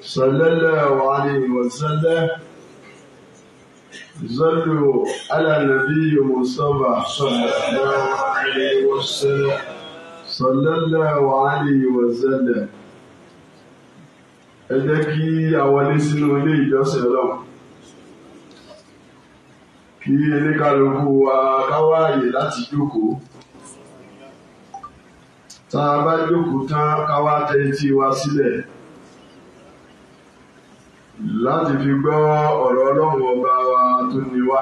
صلى الله عليه وسلم صلوا على النبي مصطفى صلى الله عليه وسلم صلى الله عليه وسلم ẹ jẹ́ kí a wọlé sínú ilé ìjọsìn Ọlọ́run kí elékàlùkù wa káwáàyè láti jókòó tá a bá jókòó tán káwá tẹ́ wa sílẹ̀. Si láti fi gbọ́ ọ̀rọ̀ ọlọ́run ọba wa tó ní wá.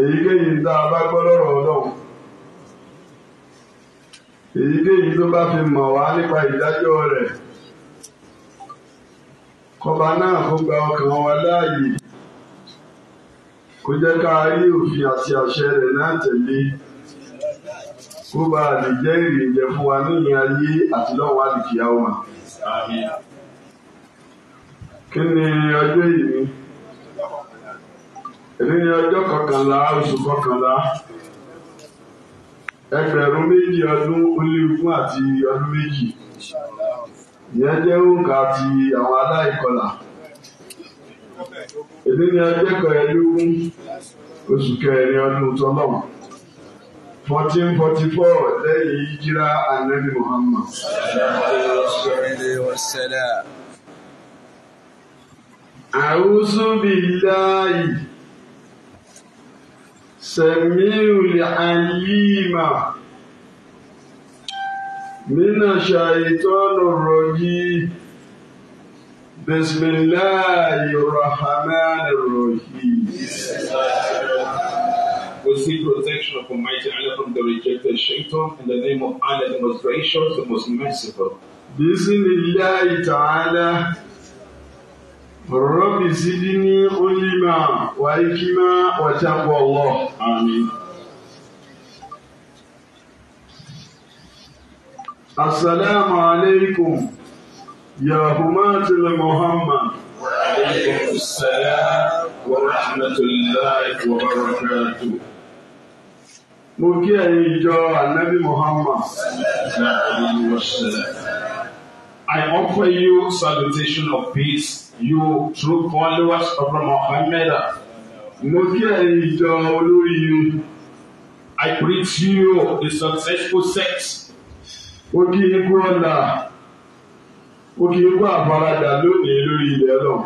èyíkéyìí tá a bá gbọ́ lọ́rọ̀ ọlọ́run èyíkéyìí tó bá fi mọ̀ wá nípa ìdájọ́ rẹ̀ kọba náà kó gba ọkàn wa láàyè kó jẹ́ ká rí òfin àti àṣẹ rẹ̀ náà tẹ̀lé kó bá lè jẹ́ ìrìnjẹ fún wa nínú ayé àti lọ́wọ́ àdìkìyà wọn. Kí ni ọjọ́ yìí? Èmi ni ọjọ́ kọkànlá oṣù kọkànlá. Ẹgbẹ̀rún méjì ọdún ó lé ogún àti ọdún méjì. Ìyẹn jẹ́ òǹkà ti àwọn aláìkọlà. Èmi ni ọjọ́ kọ̀ọ̀ẹ́lógún oṣù kẹrin ọdún tọ́lọ́wọ̀n fourteen forty four lẹ́yìn ìjírá anabi muhammad. A'udhu billahi samiul alima minash shaitonir rajim Bismillahir rahmanir rahim. we seek protection of Almighty Allah from the rejected shaitan in the name of Allah, the most gracious, the most merciful. Bismillah ta'ala. رب زدني علما وحكما وتقوى الله آمين السلام عليكم يا همات المهمة وعليكم السلام ورحمة الله وبركاته mo kí ẹ̀yin ìjọ anabi muhammad i offer you salutation of peace you true followers of muhammad mo kí ẹ̀yin ìjọ olórí yìí i greet you the successful sex mo kí yín kú ọ̀la mo kí yín kú àfaradà lónìí lórí ilẹ̀ ọlọ́run.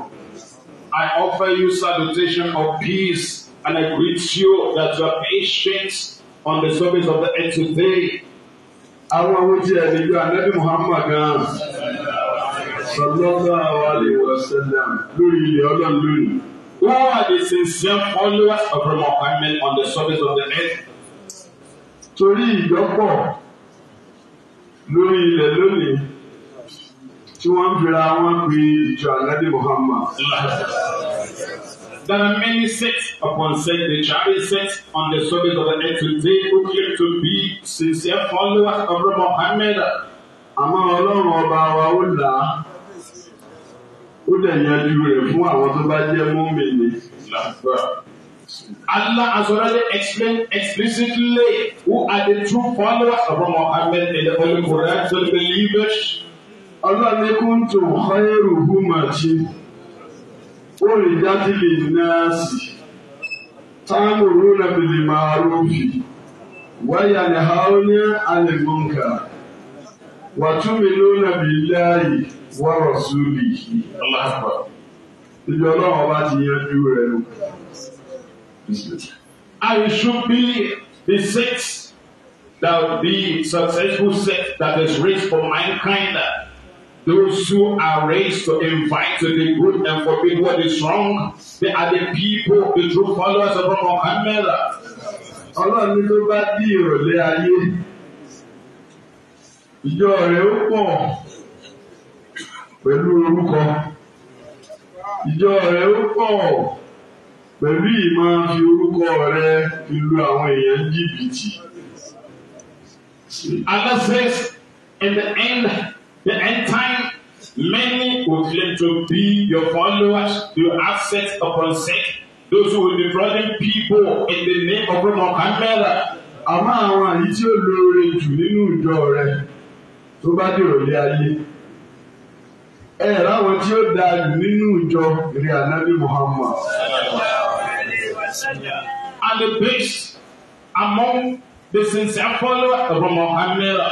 I offer you salutation of peace and I greet you that your patience on the surface of the earth today. Àwọn àwọn tí ẹni ju Anabi Muhammad gan. Sallallahu alayhi wa sallam lórí ilẹ̀ ọlọ́run lónìí. Who are the sincere followers of Muhammad on the surface of the earth? Torí ìyọ́pọ̀ lórí ilẹ̀ lónìí tí wọ́n ń fira wọn pe ìjọ Anabi Muhammad. There are many sects upon sects. The chariot sect on the surface of the earth today who claim to be sincere followers of Muhammad. Àmọ́ Ọlọ́run ọba wa ó là á. Ó dẹ̀ yanjú rẹ̀ fún àwọn tó bá jẹ́ mọ́mìnì. Allah has already explained explicitly who are the true followers of Muhammad in the Holy Quran to the believers. Ọlọ́run ní kúntù khairuhum àti. ولذات للناس تأمرون بالمعروف وينهون عن المنكر وتؤمنون بالله ورسوله الله أكبر ìjọ náà ọba ti yanjú rẹ nù. I should be the sex that the successful sex that is raised for mankind. Those who are raised to invite to the good and forbid what is wrong, they are the people, the true followers of Muhammad. Ọlọ́run ní ló bá dí ìrọ̀lẹ́ ayé. Ìjọ rẹ̀ ó pọ̀ pẹ̀lú orúkọ. Ìjọ rẹ̀ ó pọ̀ pẹ̀lú ìmọ̀ fi orúkọ rẹ̀ fi lu àwọn èèyàn jìbìtì. Allah says, in the end, The end time, many will claim to be your followers, your assets upon sake, those who will be bringing people in the name of Roman Chimera. Àmọ́ àwọn àyí tí ó lóore jù nínú ìjọ rẹ̀ tó bá dèrò lé ayé. Ẹ ráwọn tí ó dáa jù nínú ìjọ rẹ̀ Ànábì Muhammad. And the best among the sincere followers of Roman Chimera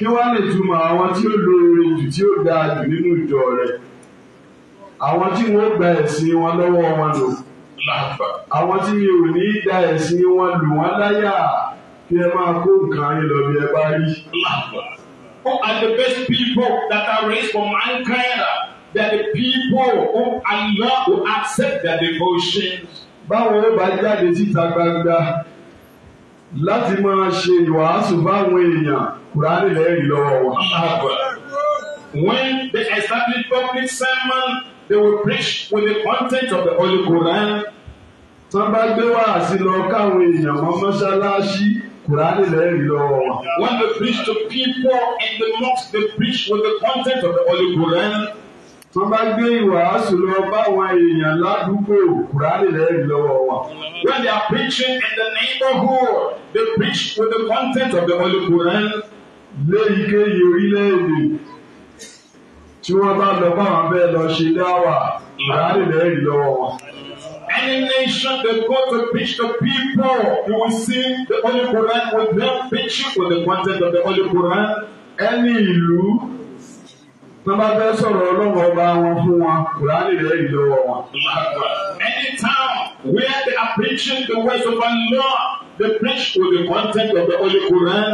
kí wá lè túmọ̀ àwọn tí ó lóore jù tí ó dáa jù nínú ìjọ rẹ̀ àwọn tí wọ́n gba ẹ̀sìn wọn lọ́wọ́ wọn lò àwọn tí mi ò ní da ẹ̀sìn wọn lù wọ́n láyà kí ẹ máa kó nǹkan yín lọ bí ẹ bá rí. Who oh, are the best people that are raised for mankind? They are the people who are not will accept their devotions. Báwo ló bá jáde síta gbangba láti máa ṣe ìwàásù fáwọn èèyàn? Kùránì lẹ́yìn lọ́wọ́ wa. When they establish public sermon, they will preach with the content of the Holy Quran. Tán bá gbé wàásí lọ káwọn èèyàn mọ́ mọ́ṣáláṣí. Kùránì lẹ́yìn lọ́wọ́ When they preach to people in the mosque, they preach with the content of the Holy Quran. Tán bá gbé ìwàásù lọ báwọn èèyàn ládùúgbò Kùránì lẹ́yìn lọ́wọ́ wa. When they are preaching in the neighborhood, they preach with the content of the Holy Quran léyìíkéyìí orílẹ̀-èdè tí wọ́n bá lọ bá wọn bẹ́ẹ̀ lọ ṣe dáwà ìwádìí lẹ́rìí lọ́wọ́ wọn. Any nation that goes to preach the people, you will see the Holy Quran with them preaching with the content of the Holy Quran. Ẹni ìlú tó bá fẹ́ sọ̀rọ̀ ọlọ́run ọba wọn fún wọn, Kùránì lẹ́rìí lọ́wọ́ wọn. Any town where they are preaching the words of Allah, they preach with the content of the Holy Quran.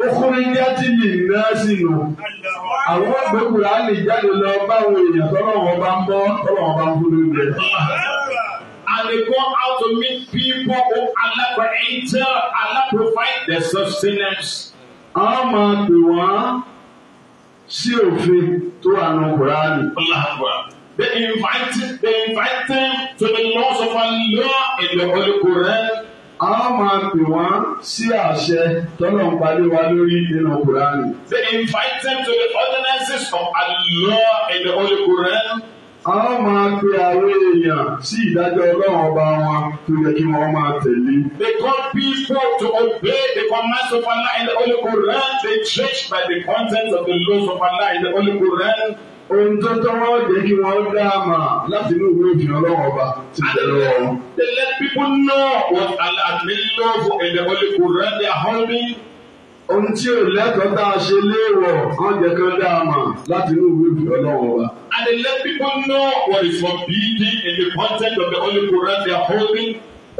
Okùnrinjá ti lè rẹ́ sí lò. Àwọn ògbékùnrin á lè jáde lọ báwọn èèyàn tọ́lọ̀ wọn bá ń bọ́ tọ́lọ̀ wọn bá ń kúrò rẹ̀. And they go out to meet people who Allah enter. Allah provide their sustenance. A máa pè wọ́n sí òfin tó wà Kùránì. They invite, they invite them to the laws of Allah in the Holy Quran a máa pè wọ́n sí àṣẹ tọ́lọ̀ ń palẹ̀ wa lórí nínú Kùránì. They invite them to the ordinances of Allah in the Holy Quran. A máa pe àwọn èèyàn sí ìdájọ́ ọlọ́run ọba wọn tó yẹ kí wọ́n máa tẹ̀lé. They call people to obey the commands of Allah in the Holy Quran. They judge by the contents of the laws of Allah in the Holy Quran ohun tó tọ́ wọ́n kí wọ́n dá a mà láti inú ìwé òfin ọlọ́run ọba ti tẹ̀ lọ́wọ́ wọn. They let people know what Allah made law for in the Holy Quran they are holding. Ohun tí ò lẹ́tọ̀ọ́ tá a ṣe léèwọ̀ wọ́n jẹ́ kí wọ́n dá a mà láti inú ìwé òfin ọlọ́run ọba. And they let people know what is for forbidden in the content of the Holy Quran they are holding.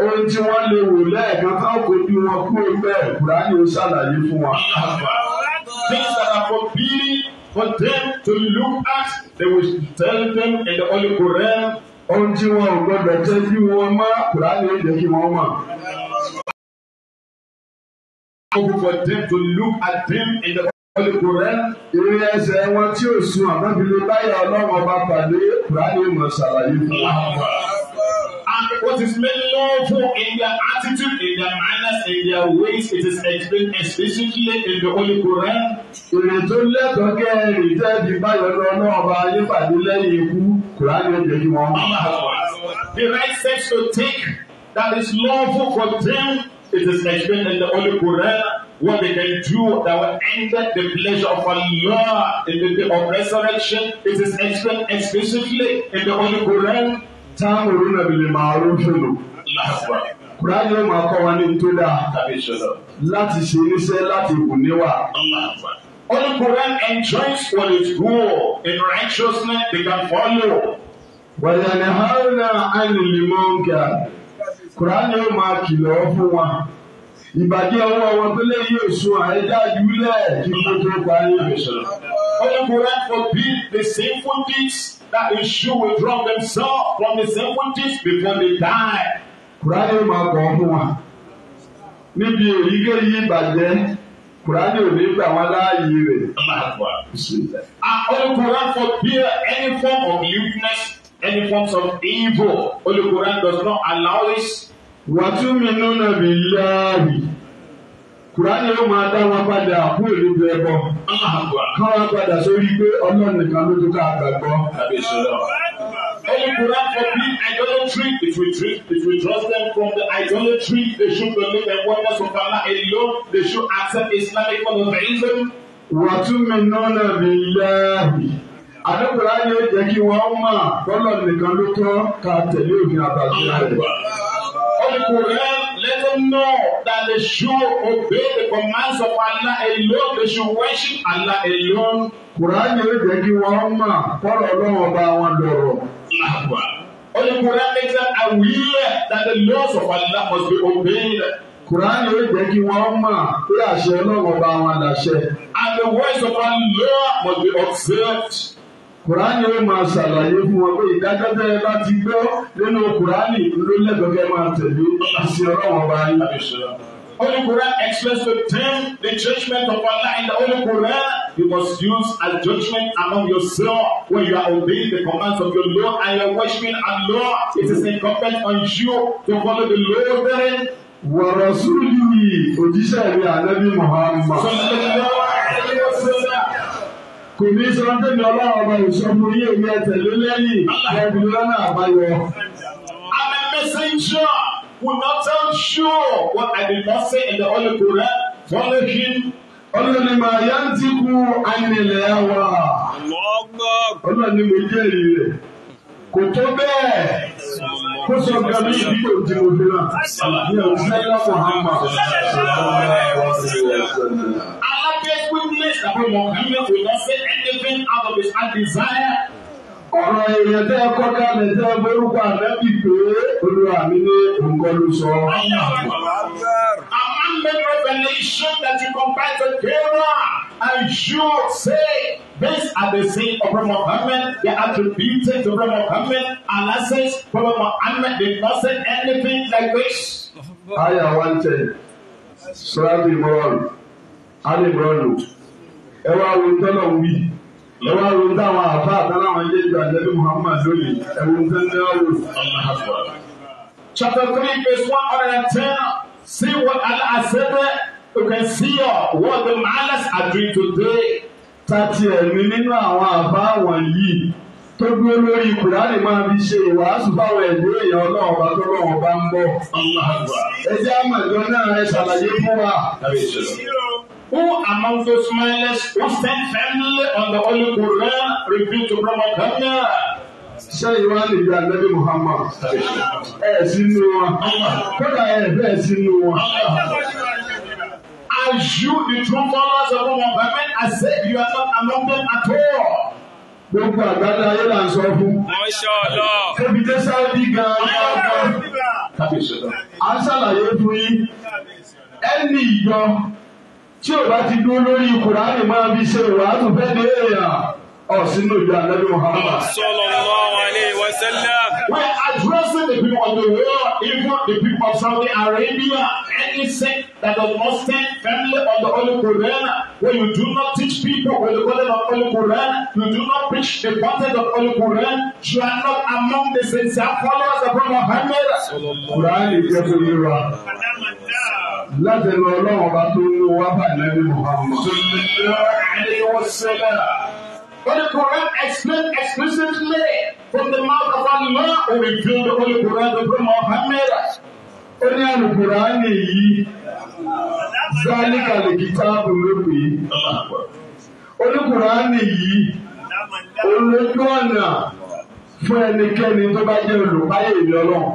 Ohun tí wọ́n lè wò lẹ́ẹ̀kan táwọn kò bí wọn kú ẹgbẹ́ Kùránì ó ṣàlàyé fún wa. Things that are forbidden for them to look at they will tell them in the Holy Quran. ohun tí wọn ò gbọdọ̀ jẹ́ kí wọ́n má kúránì ó jẹ́ kí wọ́n mọ̀. for them to look at them in the Holy Quran. ìrìn ẹsẹ̀ wọn tí ò sun àmọ́ fi lè báyọ̀ ọlọ́run ọba pàdé kúránì ó mọ̀ ṣàlàyé fún wa what is made lawful in their attitude, in their manners, in their ways, it is explained explicitly in the Holy Quran. Èrè tó lẹ́tọ̀ọ́ kẹ́rì tẹ́bi báyọ̀ lọ náà bá ayé pàdé lẹ́yìn ikú, Kùránì ojoojúmọ́. The right steps to take that is lawful for them, it is explained in the Holy Quran. What they can do that will enter the pleasure of Allah in the day of resurrection, it is explained explicitly in the Holy Quran táwọn onímọ̀bìlì máa ró fèlò kùránì ó máa kọ́ wa ní tó dáa láti ṣe iṣẹ́ láti wù níwà. Only Quran enjoins what is good in righteousness they can follow. Wàyànàhánà ànìlímọ́ǹkà Kùránì ó máa kìlọ̀ fún wa. Ìbàdí ọwọ́ wọn tó lè yí òṣùwọ̀n àìjáde wílẹ̀ kí wọ́n tó parí. Father, God forbid the sinful deeds that issue draw themselves from the sinful deeds before they die. Kùránì máa gbọ́ fún wa. Níbi èyíkéyìí ìbàjẹ́, Kùránì ò ní gbà wọ́n láàyè rẹ̀. Holy Quran forbid any form of lewdness, any forms of evil. Holy Quran does not allow this. Wàtúmínú nàbí láàbì kùránì yóò máa dá wọn padà fún èlò tó ẹ bọ kán wọn padà sórí pé ọlọ́run nìkan ló tó ká gbàgbọ́. Any Quran forbid idolatry. If we drink, if we trust them from the idolatry, they should believe the wonders of Allah alone. They should accept Islamic monotheism. وَتُؤْمِنُونَ بِاللَّهِ àdókòrá yóò jẹ́ kí wọ́n mọ̀ bọ́lọ̀ nìkan ló tọ́ ká tẹ̀lé òfin àbàtì rẹ̀. Olùkọ́ rẹ̀ Let them know that they should obey the commands of Allah alone. They should worship Allah alone. Kùránì yóò jẹ́ kí wọ́n mọ̀ kọ́rọ̀ ọlọ́wọ́ bá wọn dọ̀rọ̀. Only Quran makes them aware that the laws of Allah must be obeyed. Quran yóò jẹ́ kí wọ́n mọ̀ pé àṣẹ ọlọ́wọ́ bá wọn láṣẹ. And the words of Allah must be observed kùránì ó máa ṣàlàyé fún wọn pé ìdájọ́ tẹ́ ẹ bá ti gbọ́ nínú kùránì ló lẹ́tọ̀ọ́ kẹ́ máa tẹ̀lé àṣẹ ọlọ́run bá yín. Holy Quran expressed to them the judgment of Allah in the Holy Quran. You must use as judgment among yourself when you are obeying the commands of your Lord and you worshiping Allah. It is incumbent on you to follow the law therein. Wàrà sórí òjíṣẹ́ ìrìn ànábì Muhammad. Sọ̀rọ̀ lọ́wọ́ kò ní sọ ọ́n ọlọ́run ọba ìṣọ́gun yìí èmi ẹ̀tẹ̀lé lẹ́yìn ẹ̀bùn lọ́nà àbáyọ. I'm a messenger will not tell sure what I did not say in the Holy Quran. Follow him. Ọlọ́ni máa yá ń ti kú àyìnlẹ̀ wa. Ọlọ́ni mo jẹ́ èrè rẹ̀. Kò tó bẹ́ẹ̀. Kó sọ gàmí ìdílé òdi òdi náà. Ní ọ̀sẹ̀ Mùhàmmá says that Muhammad will not say anything out of his heart desire. Ọ̀rọ̀ èèyàn tẹ́ ẹ kọ́ kalẹ̀ tẹ́ ẹ borúkọ ànábì pé olúwa mi ní nǹkan ló sọ. Among the revelation that you compare to Torah and you say this are the same of Prophet Muhammad, they attributed to Prophet Muhammad. Allah says Prophet Muhammad did not say anything like this. Aya one ten, Surah Imran, Ali Imran ẹ wá wí ẹ wá wo táwọn àfa àtàláwọn ilé ìgbà àjẹbí Muhammad lónìí ẹ wo nǹkan ní ọ̀rọ̀ Chapter three verse one hundred and ten see what Allah said there you can see uh, what the malice are doing today. Tati ẹ̀mí nínú àwọn àbá wọ̀nyí tó dúró lórí Kùránì máa fi ṣe ìwàásù báwọn ẹ̀dọ́ èèyàn ọlọ́run ọba tó lọ́wọ́ bá ń bọ̀. Ẹ jẹ́ àmọ̀jọ́ náà ẹ ṣàlàyé fún wa. Who among those mindless who spend family on the Holy Quran repeat to Brahma Dhamma? ṣé ìwà lè gba ànábì Muhammad ẹ sínú wọn kódà ẹ bẹ́ẹ̀ sínú wọn. As you the true followers of our government, I said you are not among them at all. Gbogbo àgbàdo ayé là ń sọ fún. Mọ́ṣọ́lọ́. Ebi tẹ Sáúdì gan-an ní ọgbọ́n. A ṣàlàyé fún yín. Ẹni ìjọ tí o bá ti dúró lórí Kùránì máa fi ṣe ìwà àtúnfẹ́ dé èèyàn ọ̀sìn ìjọ ànábì Muhammad. sallallahu alayhi wa We are addressing the people of the world even the people of Saudi Arabia any sect that does not stand firmly on the Holy Quran when you do not teach people with the word of Holy Quran you do not preach the content of Holy Quran you are not among the sincere followers of Muhammad. Quran is just a mirror. láti lọ ọlọ́run bá tó ń wá bá ìlẹ́yìn Muhammad. sallallahu alayhi wa sallam. For the Quran explained explicitly from the mouth of Allah who revealed the Holy Quran to Muhammad. Ó ní àlùkùránì yìí, Zálíkà lè kíkà àbúrò pé. Olùkùránì yìí, olójú ọ̀nà fún ẹnikẹ́ni tó bá jẹ́ olùpáyé ìlú ọlọ́run.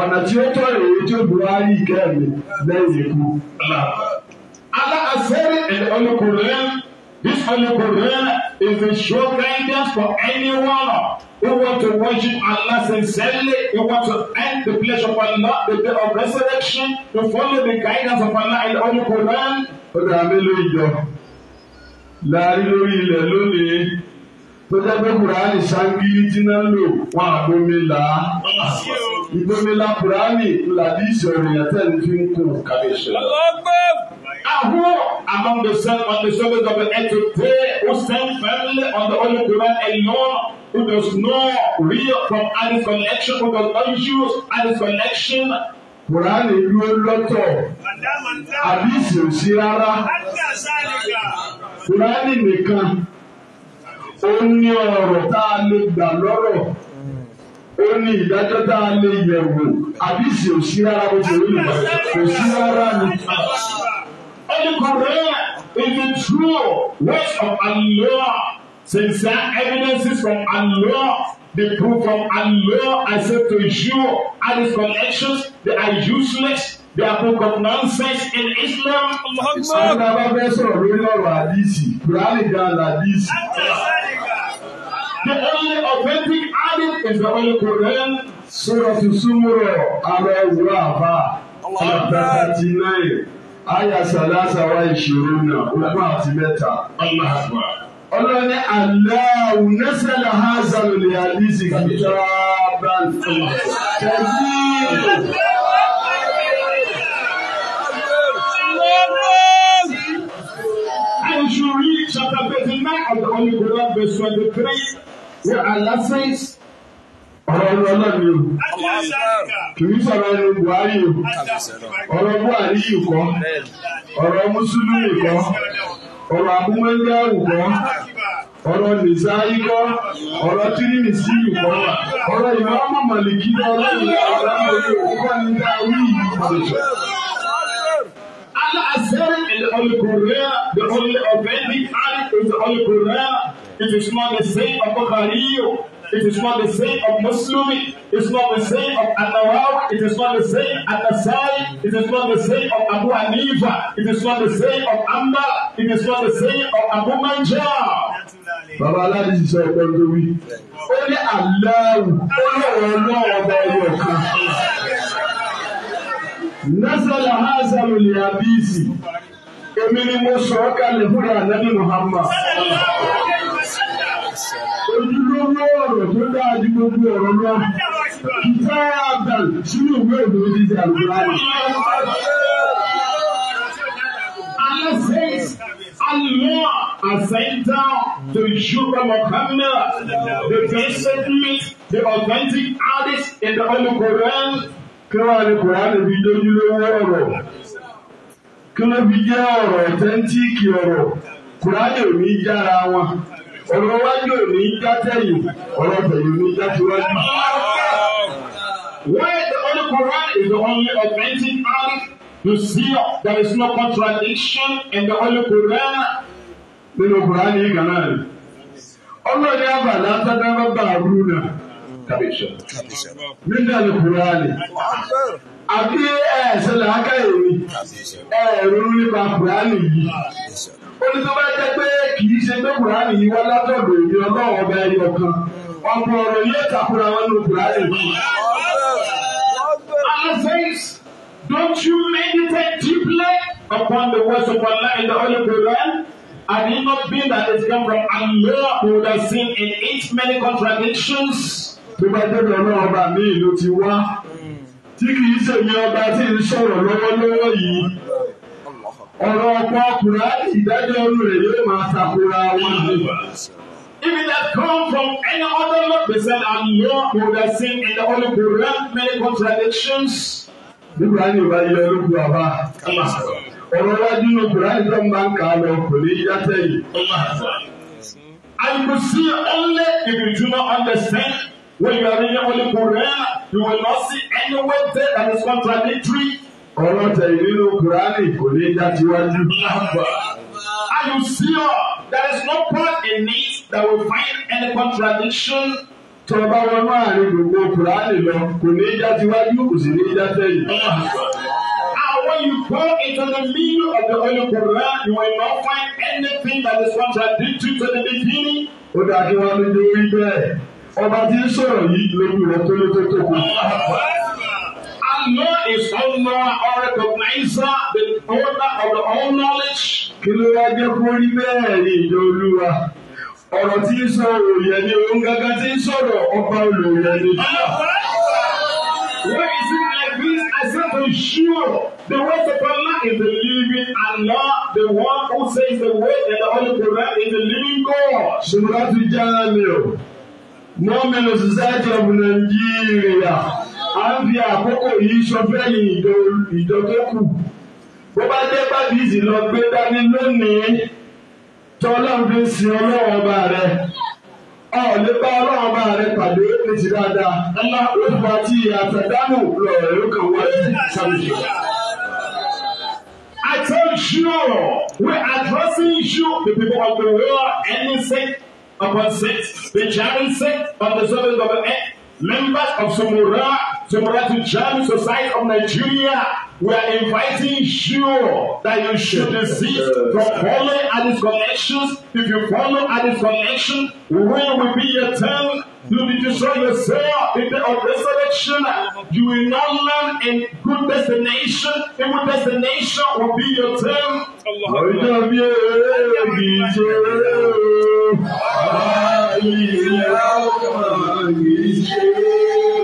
Ọ̀nà tí ó tọ́ èyí tó Buhari kẹ́mi lẹ́yìn ikú. Aláàsẹ́rì ẹ̀ olùkùránì. This Holy Quran is a sure guidance for anyone who wants to worship Allah sincerely, who wants to end the pleasure of Allah, the day of resurrection, to follow the guidance of Allah in the Holy Quran. Ó dà mélòó ìjọ láàrin lórí ilẹ̀ lónìí tó jẹ́ pé Kùránì ṣáńgílì tí náà ń lò wọn àgbómìnlá. Ìgbómìnlá Kùránì ńlá bí ìṣòro ìyàtẹ̀ ní fi ń kùn kábíyèsí. Ahoɔ among the sun on the surface of the earth today who stand firmly on the Holy Quran alone who does not read from Ali's collection who does not use Ali's collection. Quran dúró lọ́tọ̀ àbísí ò sí rárá. Quran nìkan ó ní ọ̀rọ̀ tá a lè gbà lọ́rọ̀ ó ní ìdájọ́ tá a lè yẹ̀wò àbísí ò sí rárá bó ti rí ìgbà kò sí rárá ni any Quran is the true words of Allah. Sincere evidences from Allah, the proof from Allah, I said to you, and its connections, they are useless, they are book of nonsense in Islam. Àwọn àbá fẹ́ sọ̀rọ̀ lórí ọ̀rọ̀ àdìsí, Kùránì gan làdìsí. The only authentic hadith is the only Quran. Sọ́dọ̀ tuntun mú rọ̀, àrọ̀ ìwúrọ̀ àbá, ọ̀pẹ̀ thirty nine àyà sàlásà wa ìṣòro náà ogún àti mẹ́ta. ọlọ́ni aláwo nẹ́sẹ̀lẹ̀ ha zàlùlẹ̀ àdìsí kìtàbà tẹ̀lé. And you read chapter 39 of the Holy Quran, verse 23, where Allah says, ọ̀rọ̀ ìlú ọlọ́run yìí kìí sọ̀rọ̀ ìlú Buhari yìí ọ̀rọ̀ Buhari yìí kọ́ ọ̀rọ̀ Mùsùlùmí kọ́ ọ̀rọ̀ àmúmẹ́gbẹ́rù kọ́ ọ̀rọ̀ nìsa ikọ́ ọ̀rọ̀ tírímìsì yìí kọ́ ọ̀rọ̀ ìmọ̀ ọmọ màlìkí ọlọ́run ọ̀rọ̀ òkúkọ́ ní dáwí yìí kọ́. Al-Azhar and Holy Korea, the Holy Authentic Art is Holy Korea. It is not the same of Bukhari. It is not the same of It is not the same of Anawawi. It is not the same of Nasai. It is not the same of Abu Hanifa. It is not the same of Amba. It is not the same of Abu Manja. Bàbá Aláàdì ti sọ ẹgbẹ́ tó wí. Ó ní àlàáwù ó lọ̀rọ̀ náà ọba ẹyọ kan. Nasala Hazalu lè abíyèsí. Èmi ni mo sọ ọ́ kalẹ̀ fúnra Nàbí Muhammad. Ojúlówó ọ̀rọ̀ tó dáa ju gbogbo ọ̀rọ̀ lọ. Ìfẹ́ àgbàl sínú ìwé ìlú ti di àlùkò Allah says, Allah has sent down to Yeshua Muhammad, the testament, the authentic hadith in the Holy Quran. Kí wàá ní Quran bí dojúlówó ọ̀rọ̀? Kí ló fi jẹ́ ọ̀rọ̀ authentic ọ̀rọ̀? Quran ò ní yára wọn ọ̀rọ̀ wájú ò ní já tẹ̀yìn ọ̀rọ̀ tẹ̀yìn ní já tiwájú. Where the Holy Quran is the only authentic Quran, you see there is no contradiction in the Holy Quran. Nínú Quran yìí kan náà ni. Ọlọ́ọ̀ni àbàlá sábẹ́rẹ́ bá Aruna Kàbíṣà. Nínú àlè Quran ni. Àbí ẹ̀ẹ́sẹ̀ làákà èrè ẹ̀ẹ́rú nípa Quran yìí. Orí tó bá jẹ́ pé kì í ṣe pé Kùránì yìí wá látọ̀dọ̀ èmi ọlọ́run ọba ẹni ọ̀kan. Ọ̀pọ̀ ọ̀rọ̀ yóò takura wọn ní Kùránì yìí. Allah says, don't you meditate deeply upon the words of Allah in the Holy Quran? And it not been that it come from Allah who has seen in it many contradictions. Bí wọ́n dé lọ́wọ́ ọba mi ìlú ti wá. Tí kì í ṣèmi ọba tí ń sọ̀rọ̀ lọ́wọ́lọ́wọ́ yìí ọ̀rọ̀ ọ̀pọ̀ Kùránì ìdájọ́ ọ̀rọ̀ rẹ̀ yóò máa ṣàkóra wọn ní. If it had come from any other Lord, they said, "I'm not would have seen in the Holy Quran many contradictions. Nígbà yóò bá yẹ olóko àbá ọ̀rọ̀ wájú ní Kùránì tó ń bá ń kà á lọ kò ní yá sẹ́yìn. And you see only if you do not understand when you are reading Holy Quran, you will not see any way there that is contradictory ọ̀rọ̀ tẹ̀yìn nínú Kùránì kò ní já tiwájú. Are you there is no part in it that will find any contradiction? Tọ́ba wọnú àárín gbogbo Kùránì lọ, kò ní já kò sì ní já When you go into the middle of the Holy Quran, you will not find anything that is contradictory to the beginning. Ó dájú wá lójú orí bẹ́ẹ̀. Ọba tí ń sọ̀rọ̀ yìí lórí rẹ̀ tó know is Allah or recognize the owner of the all knowledge. Kí ló wá jẹ́ kó rí bẹ́ẹ̀ ni ìjọ Olúwa? Ọ̀rọ̀ tí ń sọ òòyẹ̀ ni òun gángan tí ń sọ̀rọ̀ ọba olóòyẹ̀ ni. Where is it like this? I said to sure the words of Allah is the living Allah, the one who says the word and the Holy Quran is the living God. Ṣùgbọ́n ti jáde o, mọ́mí lọ sí sáájú ọ̀bùnà Nàìjíríà à ń fi àkókò yìí ṣọfẹ́lì ìjọ tó kù bó bá jẹ́ pàdísì lọ gbé dání lónìí tó ọlọ́run fi sin ọlọ́run ọba rẹ̀ ọ̀ lè bá ọlọ́run ọba rẹ̀ pàdé èsì dáadáa ńlá òfò àti àtàdánù lọ̀rọ̀ ló kàn wáyé sàmìjì. I told you, we are addressing you, the people of the world, any sect upon sect, the giant sect of the servant of the earth, members of Sumura, To Jam Society of Nigeria, we are inviting you that you should desist from following and its connections. If you follow at its connection, when will be your turn? You will destroy yourself in the day of resurrection. You will not land in good destination. Evil destination will be your turn. Allah.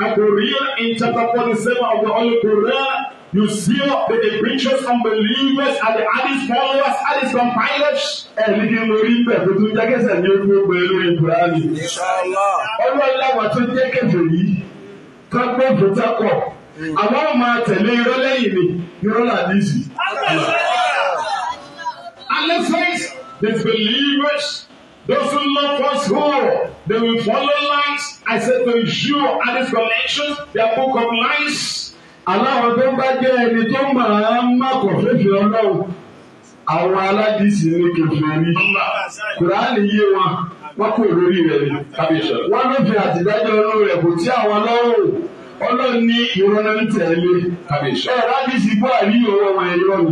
A in chapter 47 of the Holy Quran, you see that the preachers, believers and the Addis followers, Addis compilers. Ẹ̀rí ni mo rí bẹ̀ tuntun jákèsẹ̀ ní orí ogun lórí Kùránì. Ọlọ́run láwọn tó jẹ́ kẹfẹ́ yìí, tó gbé ìfòtákọ̀. Àwọn ọmọ àtẹ̀lé irọ́ lẹ́yìn ni, And làdísì. Alẹ́ the believers. Those who love falsehood, they will follow lies. I said to you and his connections, their book of lies. Aláwọ̀ tó bá jẹ́ ẹni tó máa ń mákọ̀ fífi ọlọ́run. Àwọn aládìsí ní kẹfìrí. Kùránì yé wọn, wọ́n kò lórí rẹ̀ ní kábíyèsọ̀. Wọ́n ló fi àtìdájọ́ olóró rẹ̀ kò tí àwọn lọ́rùn. Ọlọ́run ní ìrọ̀lẹ́ ń tẹ̀lé kábíyèsọ̀. Ẹ̀rọ aládìsí bọ́ àríyọ̀ wọn ẹ̀yọ́ mi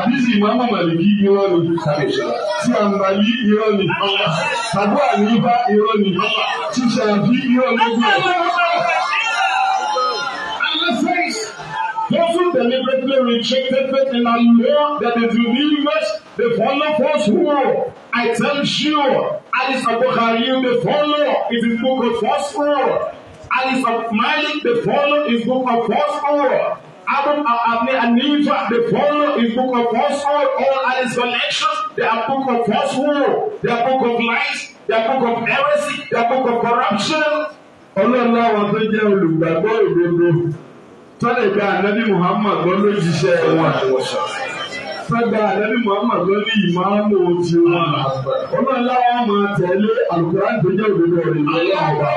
àdìsí ìmáàmù màlìkì irọ́ ni tí àǹbálí irọ́ ni tàbí àníbá irọ́ ni tí sàbí irọ́ ni gbọ́. Those who deliberately rejected faith in Allah that the believers they follow false rule. I tell you, Ali Sabukhari they follow it is book of false rule. Ali Sab Malik they follow is book of false rule. Adam and Abner and Eva, they follow a book of falsehood. All are collections. They are book of falsehood. They are book of lies. They are book of heresy. They are book of corruption. Ọlọ́run àwọn tó jẹ́ olùgbàgbọ́ òdodo tọ́lẹ̀ gba ànábì Muhammad lọ ló jíṣẹ́ wọn. Sọ́gbà ànábì Muhammad lọ ní ìmáàmù ti wọn. Ọlọ́run láwọn máa tẹ̀lé àlùkò láti jẹ́ òdodo rẹ̀ ní ọ̀gá.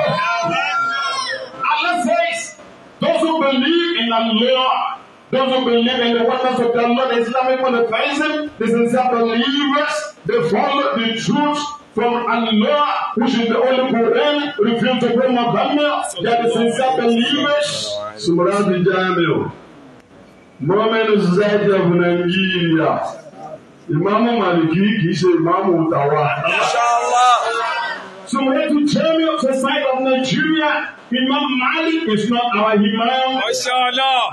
Alẹ́ sẹ́ Those who believe in Allah, those who believe in the oneness of Allah, the Islamic monotheism, the sincere believers, they follow the truth from Allah, which is the only Quran revealed to Prophet Muhammad. They the sincere believers. Sumrati Jamil, Mormon Society of Nigeria, Imam Maliki kì í ṣe Imam utawa. Inshallah. So we have to turn off the side of Nigeria. Imam Malik is not our Imam. MashaAllah.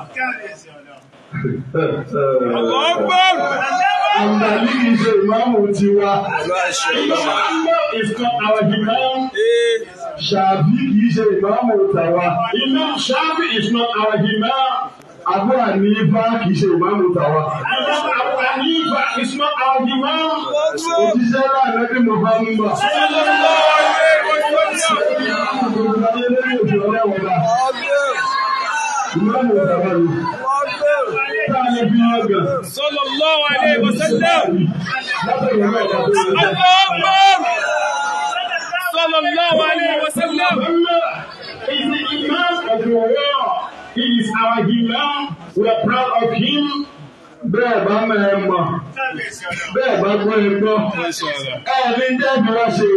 Allah Akbar. Àgbàlí ìṣe ìmáàmù tiwa. Ìmáàmù is not our Imam. Ṣàbí kìí ṣe ìmáàmù tàwa. Imam Ṣàbí is not our Imam. Abu Aniba, kì í ṣe ìmáàmù tàwa. Abu Aniba, is not imam. Òṣìṣẹ́ láàrin ẹbí mo bá mú bá. Ìmáàmù tàwa ni. Táàní bí ọgà. Sallallahu alaihi wasallam. Sallallahu alaihi wasallam. Is the imam of your He is our healer. We are proud of him. Bẹ́ẹ̀ bá mẹ́rẹ̀ mọ̀, bẹ́ẹ̀ bá gbọ́ ẹ gbọ́, ẹ̀ẹ́dín jẹ́ ìdúrà ṣe,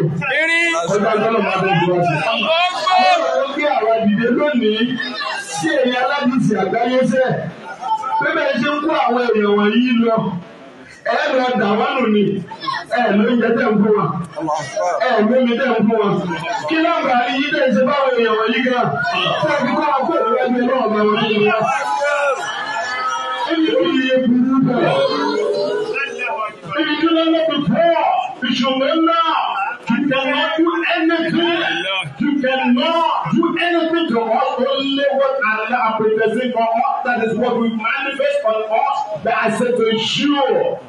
ọjọ́ ìjọba máa bẹ ìdúrà ṣe. Ọgbọ́n ló gbé àwa dìde lónìí sí èyí aládùúsì àgbáyé sẹ́ẹ̀. Bébẹ̀ ṣe ń kó àwọn èèyàn wọ̀nyí lọ ẹ lọ dà wá nù ni ẹ lóúnjẹ tẹ̀ ń fún wa ẹ lómi tẹ̀ ń fún wa kí ló ń bá yí dé ṣe báwọn èèyàn wọ̀nyí gan fún ẹbí kọ́ àpò ìwé ẹgbẹ́ náà bá wọn nínú wa. Ebi kí iye burú bẹ̀rẹ̀. Ebi kí lọ́lọ́ bìtọ́ ìṣòwò ńlá. You cannot do anything. You cannot do anything to us. Only what Allah presenting for us. That is what we manifest for us. But I said to you,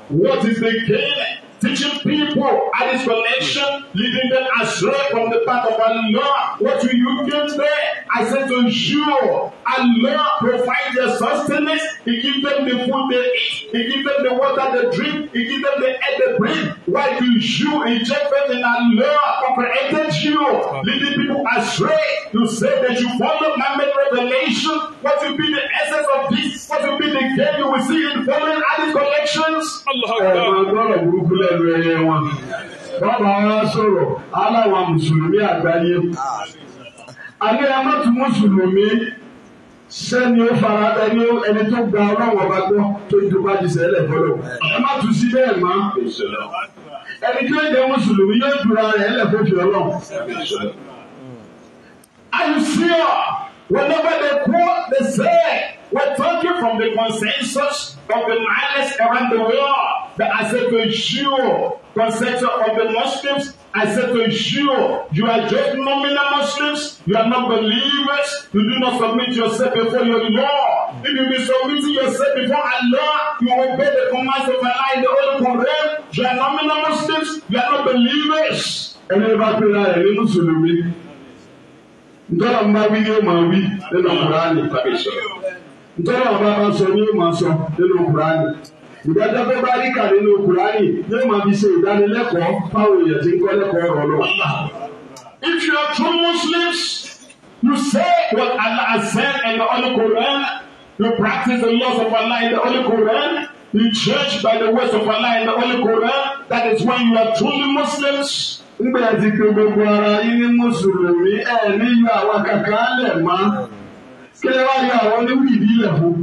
what is the gain? teaching people at this connection, leading them astray from the path of Allah. What do you get there? I said to you, Allah provides their sustenance. He gives them the food they eat. He gives them the water they drink. He gives them the air they breathe. Why do you inject faith in Allah? Comprehended you, leading people astray. You say that you follow man-made revelation. What will be the essence of this? What will be the game you will see in following all these collections? Allah. pẹ̀lú ẹyẹ wọn. Bọ́ọ̀bù àwọn sọ̀rọ̀ aláwa Mùsùlùmí àgbáyé. Àbí amátú Mùsùlùmí sẹ́ni ó fara ẹni ẹni tó gba ọlọ́wọ́ bá gbọ́ tó dùgbà jù sẹ́lẹ̀ fọlọ́. Ẹ má tù sí bẹ́ẹ̀ mọ́. Ẹni tí ó jẹ́ Mùsùlùmí yóò dùra rẹ̀ ẹlẹ́fọ́fì ọlọ́run. Are you sure? Whenever they quote, they say. We're talking from the consensus of the Malays around the world that as a Jew, consensus of the Muslims, as a Jew, you are just nominal Muslims, you are not believers, you do not submit yourself before your Lord. If you be submitting yourself before Allah, you obey the commands of Allah in the Holy Quran, you are nominal Muslims, you are not believers. Ẹni bá pè ra ẹ̀rí Mùsùlùmí, ntọ́lá ń bá wí ni ó máa wí nínú àmúra nítorí àwọn bá sọ ní yóò sọ nínú kùránì ìdájọ́ tó bá rí kà nínú kùránì yóò máa fi ṣe ìdánilẹ́kọ̀ọ́ fáwọn èèyàn tí ń kọ́ lẹ́kọ̀ọ́ ọ̀rọ̀ lọ. If you are true Muslims, you say what Allah has said in the Holy Quran, you practice the laws of Allah in the Holy Quran, you judge by the words of Allah in the Holy Quran, that is when you are truly Muslims. Nígbà tí gbogbo ara yín ní Mùsùlùmí ẹ̀ kankan lẹ̀ máa kí ẹ wá ní àwọn oníwì ìbílẹ̀ fún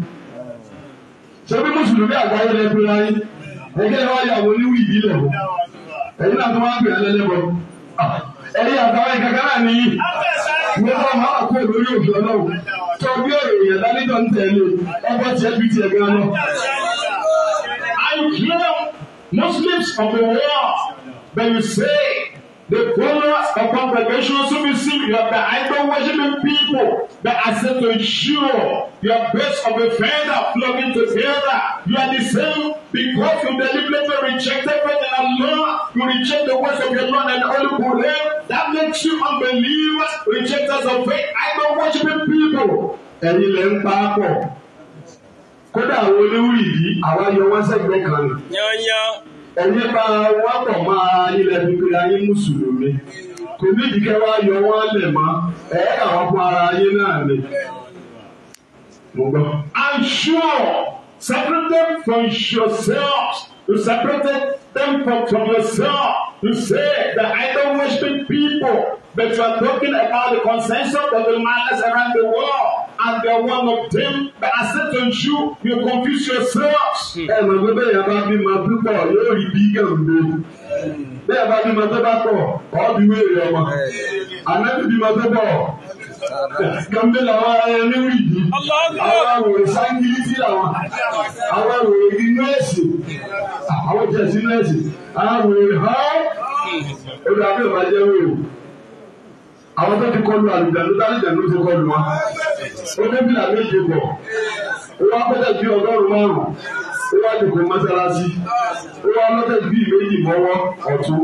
ṣé bí mùsùlùmí àgbáyé lẹ pé láyé ẹ kí ẹ wá ní àwọn oníwì ìbílẹ̀ fún ẹ̀yin náà tó wá ń bẹ̀rẹ̀ lẹ́lẹ́bọ̀ ẹ̀yin àtàwọn ìkàkà náà ní ìwé bá máa kó lórí òkè ọlọ́run tó bí ọ̀rọ̀ èèyàn dánidọ̀ ń tẹ̀lé ọgbọ́n tiẹ̀ bí tiẹ̀ gan lọ. I hear Muslims of the world, they you say. The followers of congregation will be seen. You have the idol worshiping people that are set to ensure your best of a feather flocking together. You are the same because you deliberately rejected faith and law. You reject the words of your Lord and only Quran. That makes you unbelievers, rejecters of faith, idol worshiping people. Ẹ̀yin lè ń pa á pọ̀. Kódà àwọn yìí, àwa yọ wọ́n sẹ́gbẹ̀ẹ́ kan. Yan ẹ̀yin bá wákọ̀ máa ilẹ̀ tuntun ayé mùsùlùmí kò ní ìdíkẹ́ wá yọ wọ́n lẹ̀ mọ́ ẹ̀ àwọn fún ara ayé náà lè. mo gbọ́. I'm sure separate them from yourselves. You separated them from, from yourself. You say the idol worshiping people, but you are talking about the consensus of the manners around the world, and they are one of them. But I said to you, you confuse yourselves. Ẹ mọ̀ pé bẹ́ẹ̀ yà bá bí ma púpọ̀ yóò rí bí gàmùdé. Bẹ́ẹ̀ bá bí ma tó bá bí wéèrè ọmọ. Àná ti bí ma tó kàmbélà wa ẹlẹ́rìí yìí àwọn àwòrán sáńgìlìtì làwọn àwọn àwòrán yìí nọ́ọ̀sì àwọn jẹ̀sí nọ́ọ̀sì àwòrán ha olùdarí ọba jẹ́ wíwò àwọn tó ti kọlu àlùdàlú lálùdàlú ti kọlu wa ó débi làlú èdè bọ̀ ó wá pẹ́tẹ́ bí ọgọ́rùn-ún márùn-ún ó wá dìbò mọ́sálásí ó wá lọ́tẹ̀ bí ìwé yìí mọ́wọ́ ọ̀tún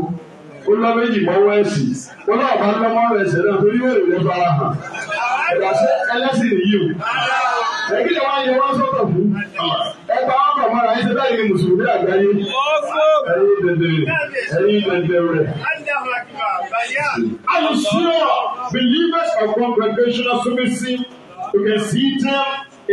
ó lọ méjì mọ́wọ́ ẹ̀sìn wọn náà bá lọ́mọ rẹ̀ ṣẹ̀ náà torí èrè lè fara hàn ẹ̀dá sí ẹlẹ́sìn nìyí o ẹ̀kí lè wá yẹ wá sọ́tọ̀ fún ẹgbẹ́ wọn kọ̀ mọ́ra ẹ̀ṣẹ̀ bẹ́ẹ̀ ni mùsùlùmí àgbáyé ẹ̀yin dẹ̀dẹ̀rẹ̀ ẹ̀yin dẹ̀dẹ̀rẹ̀. Are you sure believers of congregational servicing you can see them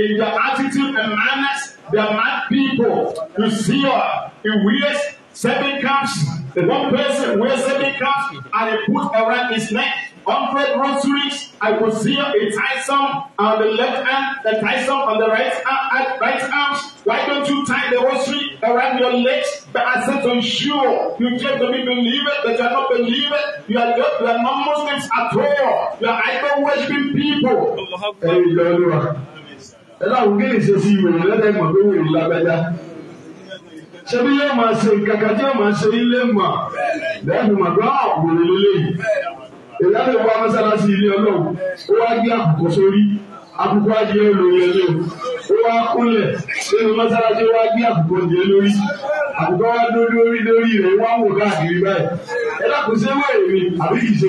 in their attitude and manners they are mad people you see her he wears Seven cups, the one person wears seven cups and they put around his neck. Hundred rosaries, I could see a tie some on the left hand, the tie some on the right hand, right arm. Why don't you tie the rosary around your legs? But I said, I'm sure you came to be believer, but you're not believer. You are, not, you are not Muslims at all. You are idol worshiping people. Ẹ lọ́wọ́ kí ni ṣe sí ìwé lẹ́dẹ̀ẹ́gbọ̀n tó wù ní lágbájá ṣebí yóò máa ṣe kàkà tí yóò máa ṣe ilé mà lẹ́nu màgbá àwòrán lélẹ́yìí ìlànà ìwà mọ́sálásí ilé ọlọ́run ó wá gbé àkùkọ sórí àkùkọ adìẹ olóyè lé o ó wá kúnlẹ̀ nínú mọ́sálásí ó wá gbé àkùkọ adìẹ lórí àkùkọ wá dó lórí lórí rẹ̀ wá wò káàkiri báyìí ẹ dákun ṣé wọ́n èrè àbí kìí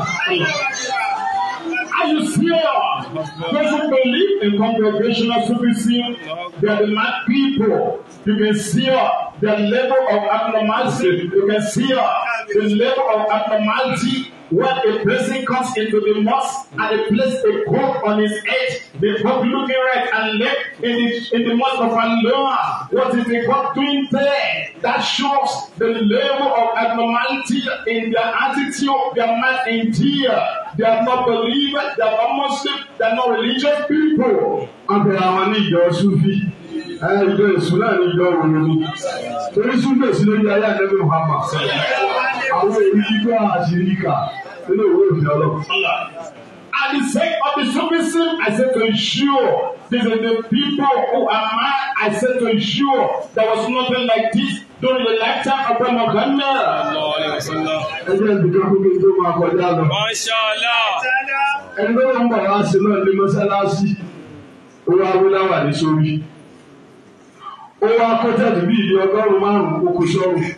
Are you sure? Doesn't believe in congregational supremacy that mad people, you can see uh, the level of abnormality, you can see uh, the level of abnormality When a person comes into the mosque and they place a coat on his head, the Pope looking right and left in the, in the mosque of Allah, what is the God doing there? That shows the level of abnormality in their attitude, their mind in tear. They are not believers, they are not Muslims, they are not religious people. Abẹ́rẹ́ àwọn ní ìjọ Sufi ẹjọ́ èṣù náà ní torí súnbẹ̀ sí lórí ayé àdébí Muhammad àwọn èyí gbígbọ́ àṣírí kà nínú ìwé òfin ọlọ́run. At the sake of the sufficient, I said to ensure that the people who are mad, I said to ensure there was nothing like this during the lifetime of Muhammad. Ẹgbẹ́ ìdíjọ́ kó kí n tó máa kọjá lọ. Mọ́ṣálá. Ẹni tó ń bọ̀ wá sí náà ní mọ́ṣáláṣí, ó wá wúláwà ní sórí ó wá kọ́tẹ́ẹ̀tì bíi ibi ọgọ́rùn-ún márùn-ún okùn sọ́run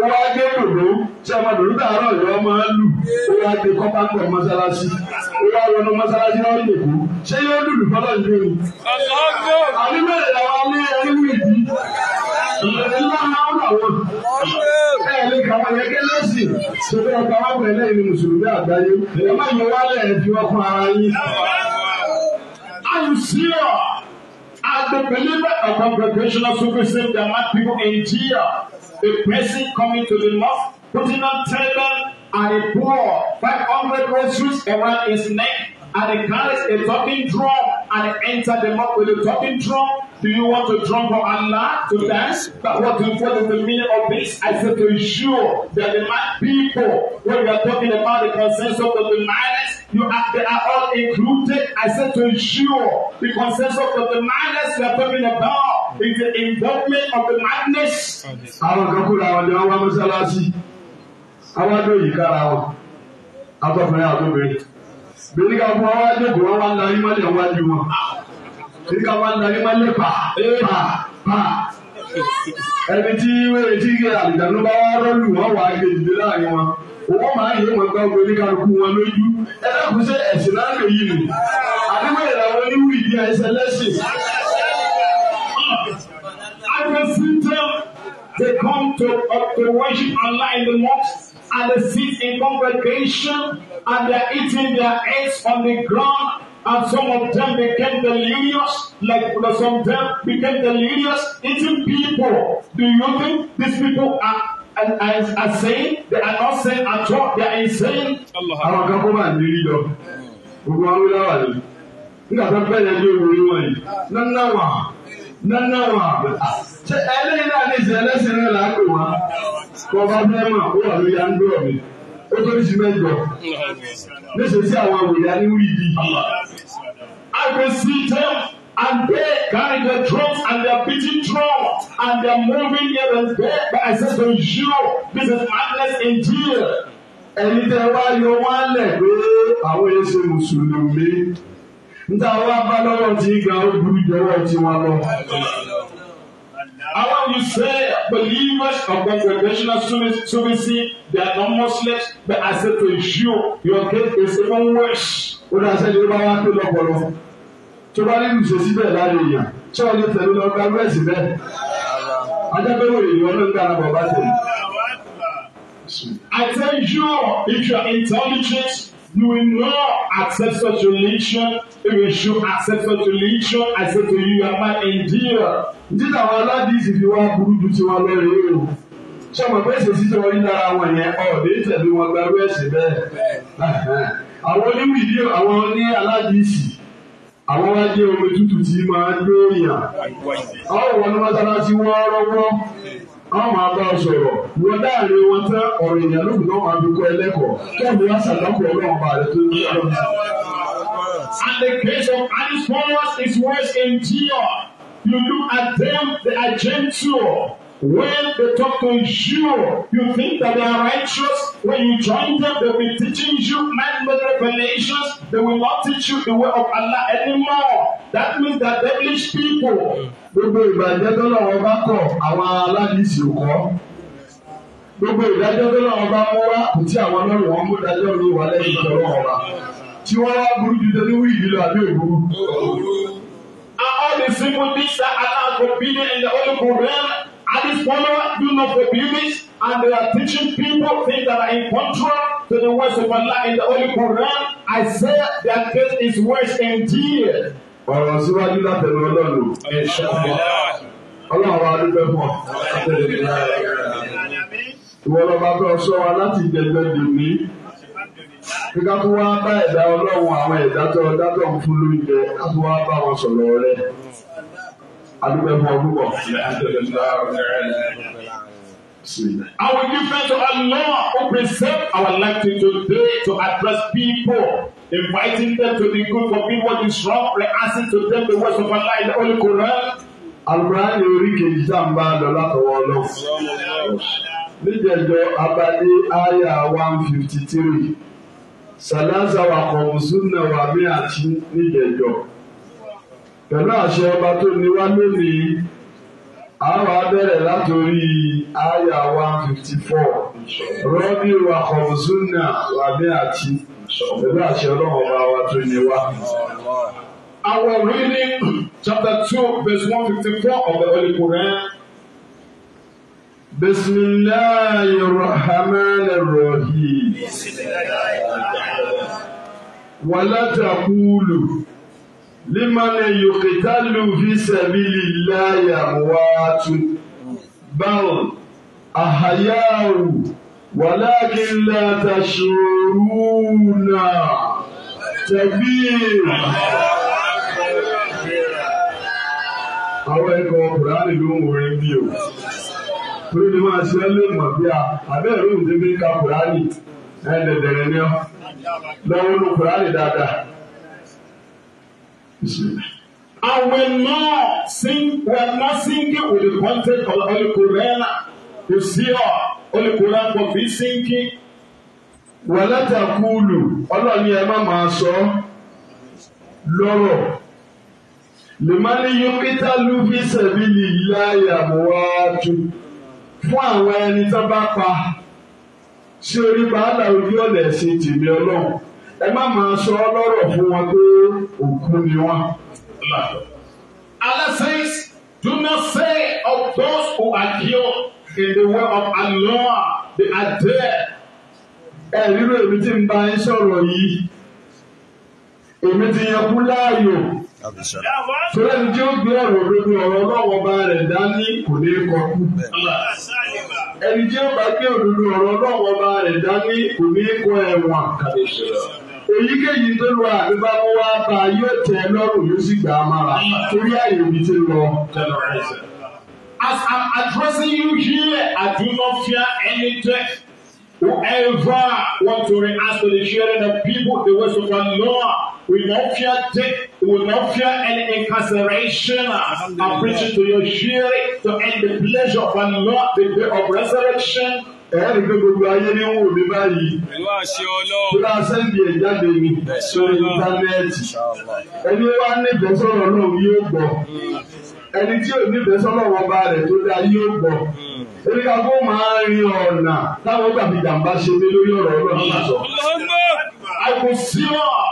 ó wá gbé dòdò tí a máa dòdò dàárọ̀ yọ ọ́ máa lù ó wá gbé kọ́pá ń bọ̀ mọ́sálásí ó wá wọnú mọ́sálásí náà lè kú ṣé yóò lùlù fọlọ́ ìlú ni. àní bẹ́ẹ̀ làwọn alẹ́ ẹ̀rí wù ìdí ìrẹ̀lẹ̀ ńlá àwọn ẹ̀ lè kà wọ́n yẹn kẹ́lẹ́ sí i ṣùgbọ́n ọ̀pọ̀ àwọn ọ̀pọ̀ ẹlẹ́yìn mùsùlùmí àgbáyé ẹ̀ má yọ wálẹ̀ ẹ̀ fi wọ́n fún ara yín. are you As the believer of congregational Sufism, there are people in jail. A person coming to the mosque, putting on turban and a poor five hundred rosaries around his neck and he carries a talking drum and enter the mouth with a talking drum. Do you want to drum for Allah to dance? But what, do, what is the meaning of this? I said to you that the mad people, when we are talking about the consensus of the minors, you are, they are all included. I said to you, the consensus of the minors we are talking about is the involvement of the madness bẹ́ẹ̀ni ká wọ́n wá lẹ́kọ̀ọ́ wọ́n wá ń darí má lẹ̀ wájú wọn bẹ́ẹ̀ni ká wọ́n ń darí má lẹ̀ pa pa pa ẹni tí wẹ́rẹ́ tí kí àlùjáde bá wá rọ́ọ̀lù wọ́n wà á kejì láàrin wọn owó máa yẹ wọn gbọ́ gbé oníkàlùkù wọn lójú ẹ dákun ṣe ẹ̀sìn láàrin èyí ni àdúgbò ìlànà oníwù ìdí ẹsẹ̀ lẹ́sìn. They come to, uh, to worship Allah in the mosque and they sit in congregation and they're eating their eggs on the ground. And some of them became delirious, like some of them became delirious, eating people. Do you think these people are, are, are, are saying? They are not saying at all, they are insane. Àwọn kan kó máa ń lọ, gbogbo àwọn wíwá wà lórí. Nígbà tó bẹ́ẹ̀ yẹn ló ń wọ̀nyí, nánà wà nana wà ṣe ẹlẹ́yìn náà ní ìṣẹ̀lẹ̀ ṣẹlẹ̀ là á pè wá kọ́ bá ó wà lórí andúrọ̀ mi ó tó oríṣi mẹ́jọ níṣẹ́ sí àwọn àwòrán ní wíìdì. I will see them and they carry the drums and they beating drums and they moving here and there but I say this is madness indeed. Ẹni tẹ́ wá yọ wá lẹ̀ pé àwọn èso mùsùlùmí níta wá bá lọ́wọ́ tí ga ó burú jọwọ́ tí wọ́n lọ. Àwọn you say believers of the traditional service they are not Muslims but I say to you, your faith is even worse. Ó dá sẹ́ni ló bá wá pé lọ́pọ̀lọ́. Tó bá nínú ìṣesí bẹ́ẹ̀ láre èèyàn, tí wọ́n lè tẹ̀lé lọ́gbà rẹ́sì bẹ́ẹ̀. Adábẹ́wò èèyàn ló ń dára bàbá tẹ̀lé. I tell you, if you are intelligent, You will not accept such religion. If you should accept such religion. I say to you, you are my endear. Ǹjẹ́ àwọn aládìí sì fi wá burú ju tiwọn lọ rèé o? Ṣé ọmọ bẹ́ẹ̀ ṣe sísọ orí lára wọn yẹn? Ọ̀dẹ́ tẹ̀lé wọn gba ẹrú ẹ̀sìn bẹ́ẹ̀. Àwọn oníwìdí àwọn ní aládìí sì. Àwọn wá jẹ́ omi tútù tí máa ń gbé èèyàn. Àwọn wọn ní mọ́sálásí wọ́ọ́rọ́wọ́ àwọn máa sọ̀rọ̀ wọ láàrin wọn tán ọ̀rọ̀ èèyàn ló kùnà máa fi kọ́ ẹlẹ́kọ̀ọ́ kẹ́mi wá ọlọ́run bá rẹ tó ń yára mi. And the case of Ananias is worse in Gio. You look at them, they are gentle. When they talk to you, you think that they are righteous. When you join them, they will be teaching you man-made revelations. They will not teach you the way of Allah anymore. That means that devilish people. Gbogbo ìbàjẹ́ tó lọ́wọ́ bá kọ̀ àwọn aládìsí kọ́. Gbogbo ìdájọ́ tó lọ́wọ́ bá mú wá kò tí àwọn ọlọ́run wọn mú dájọ́ mi wà lẹ́yìn tó lọ́wọ́ wa. Tí wọ́n wá burú ju tẹ́lifí yìí lọ àbí òburú. And all the simple things that Allah go be the Holy Quran. And his followers you know the it, and they are teaching people things that are in contrast to the words of Allah in the Holy Quran. I say that this is worse indeed. Ọ̀rọ̀ síwájú látẹ̀lé Ọlọ́run. Ọlọ́run wa dúpẹ́ fún ọ. Ìwọ lọ́ba fẹ́ ọ wa láti ìdẹ̀gbẹ́ dèmí. Kíkà tó wá bá ẹ̀dá Ọlọ́run àwọn ẹ̀dá tó ọ̀dá tó ń fún lóúnjẹ, ká tó wá bá wọn sọ̀rọ̀ rẹ̀ adúgbò ẹ̀fọ́ púpọ̀. Our defense of Allah who preserve our life till today to address people, inviting them to the good, for forgive what is wrong, rehearsing to them the words of Allah in the Holy Quran. Àlùkùránì orí kejì tá n bá lọ látọwọ́ ọlọ́run. Níjẹ̀jọ́ abadé àyà one fifty three. Salasa wa kọ̀ọ̀mùsùn náà wà mí àti níjẹ̀jọ́ pẹ̀lú àṣẹ ọba tó ní wá lónìí àwọn abẹ́rẹ́ látòrí àyà one fifty four rọ́bì wa kọ̀ọ̀zúnà làbẹ́ àti pẹ̀lú àṣẹ ọlọ́run ọba wa tó ní wá. Our reading chapter 2 verse 154 of the Holy Quran. بسم الله الرحمن الرحيم ولا تقولوا límọ̀lẹ̀ yòkètà lù fi sẹ̀mílì láyà wá tu báwọn àhàyáwù wàlákin láta ṣòro náà tẹ̀bí. àwọn ẹ̀kọ́ kùránì ló ń wọrin bí o torí ni máa ṣe lè mọ̀ bí a àbẹ́rẹ́ òun ti ń ka kùránì ẹ̀ dẹ̀dẹ̀rẹ̀ ni ọ́ lọ́wọ́ ní kùránì dáadáa. I will not sing, we are not singing with the content of Holy Quran. You see, uh, Holy Quran for be singing. Wàlẹ́tà kúlù ọlọ́ọ̀ni ẹ má máa sọ lọ́rọ̀. Lèmánì Yókítà lúfi sẹ̀bílì láyàmúwájú fún àwọn ẹni tó bá pa sí orí bàálà ojú ọ̀lẹ̀ ṣe tìmí ọlọ́run ẹ má máa sọ lọ́rọ̀ fún wọn pé òkú ni wọn. Allah says, do not say of those who are pure in the way of Allah they are dead. Ẹ rírò èmi tí ń bá ń sọ̀rọ̀ yìí, èmi ti yẹ kú láàyò. Sọ́lá ni tí ó gbé ọ̀rọ̀ lórí ọ̀rọ̀ ọlọ́wọ́ bá rẹ̀ dání kò ní kọkú. Ẹni tí ó bá gbé òdodo ọ̀rọ̀ ọlọ́wọ́ bá rẹ̀ dání kò ní kọ ẹ̀wọ̀n èyíkéyìí tó lu àgbébá mú wá yóò tẹ lọ́rùn yóò sì gbà á mára torí àyè mi ti lọ. As I'm addressing you here, I do not fear any threat. Whoever want to react to the sharing of people, the words of Allah, will not fear death, will not fear any incarceration. I'm preaching to your sharing to end the pleasure of Allah, the day of resurrection ẹ̀yà ni pé gbogbo ayé ní wò mí báyìí. Pẹ̀lú àṣẹ ọlọ́run. Tó bá sẹ́ndì ẹ̀ jáde mi lórí íńtánẹ́ẹ̀tì. Ẹni wá nífẹ̀ẹ́ sọ̀rọ̀ náà yóò gbọ́. Hmm. Ẹni tí ò nífẹ̀ẹ́ sọ̀rọ̀ wọn bá rẹ̀ tó dá yóò gbọ́. Hmm. Orí ká kó máa rin ọ̀nà táwọn gbàgbé jàǹbá ṣe dé lórí ọ̀rọ̀ ọlọ́run àtọ̀. I will see more.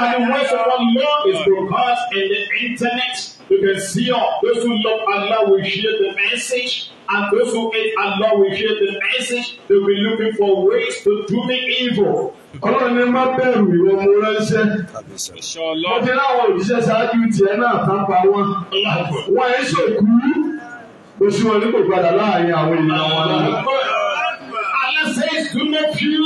And the voice is broadcast in the internet. You can see up. Those who love Allah will share the message. And those who hate Allah will share the message. They be looking for ways to do the evil. Ọlọ́run ní má bẹ̀rù ìwọ mo ránṣẹ́. Mo ti láwọn òṣìṣẹ́ ṣáájú tiẹ̀ náà tápa wọn. Wọ́n ẹ̀ ṣòkú. Oṣù wọn ní kò padà láàrin àwọn ènìyàn wọn náà. Allah says, do not fear.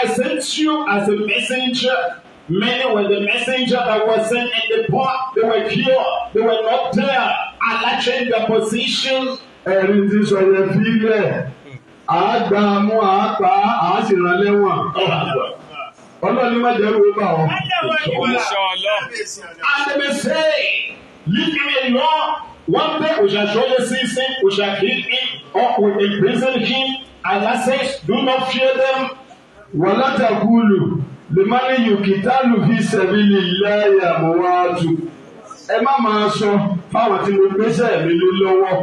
I sent you as a messenger. Many were the messenger that was sent in the poor They were pure. They were not there. Allah changed their position. Ẹ̀rí ti sọ̀rọ̀ fílẹ̀. Àgbà mú àpá àṣìrànlẹ́wọ̀n. Ọlọ́run má jẹ́ ìwé bá wọn. And they say, leave him alone. One day we shall surely seize him, we shall kill him, or we imprison him. Allah says, do not fear them. Wàlá tàkùlù bimani yukitalu fi sẹbili láyé àmúwájú ẹ má máa sọ fáwọn tí mo gbéṣẹ́ mi lé lọ́wọ́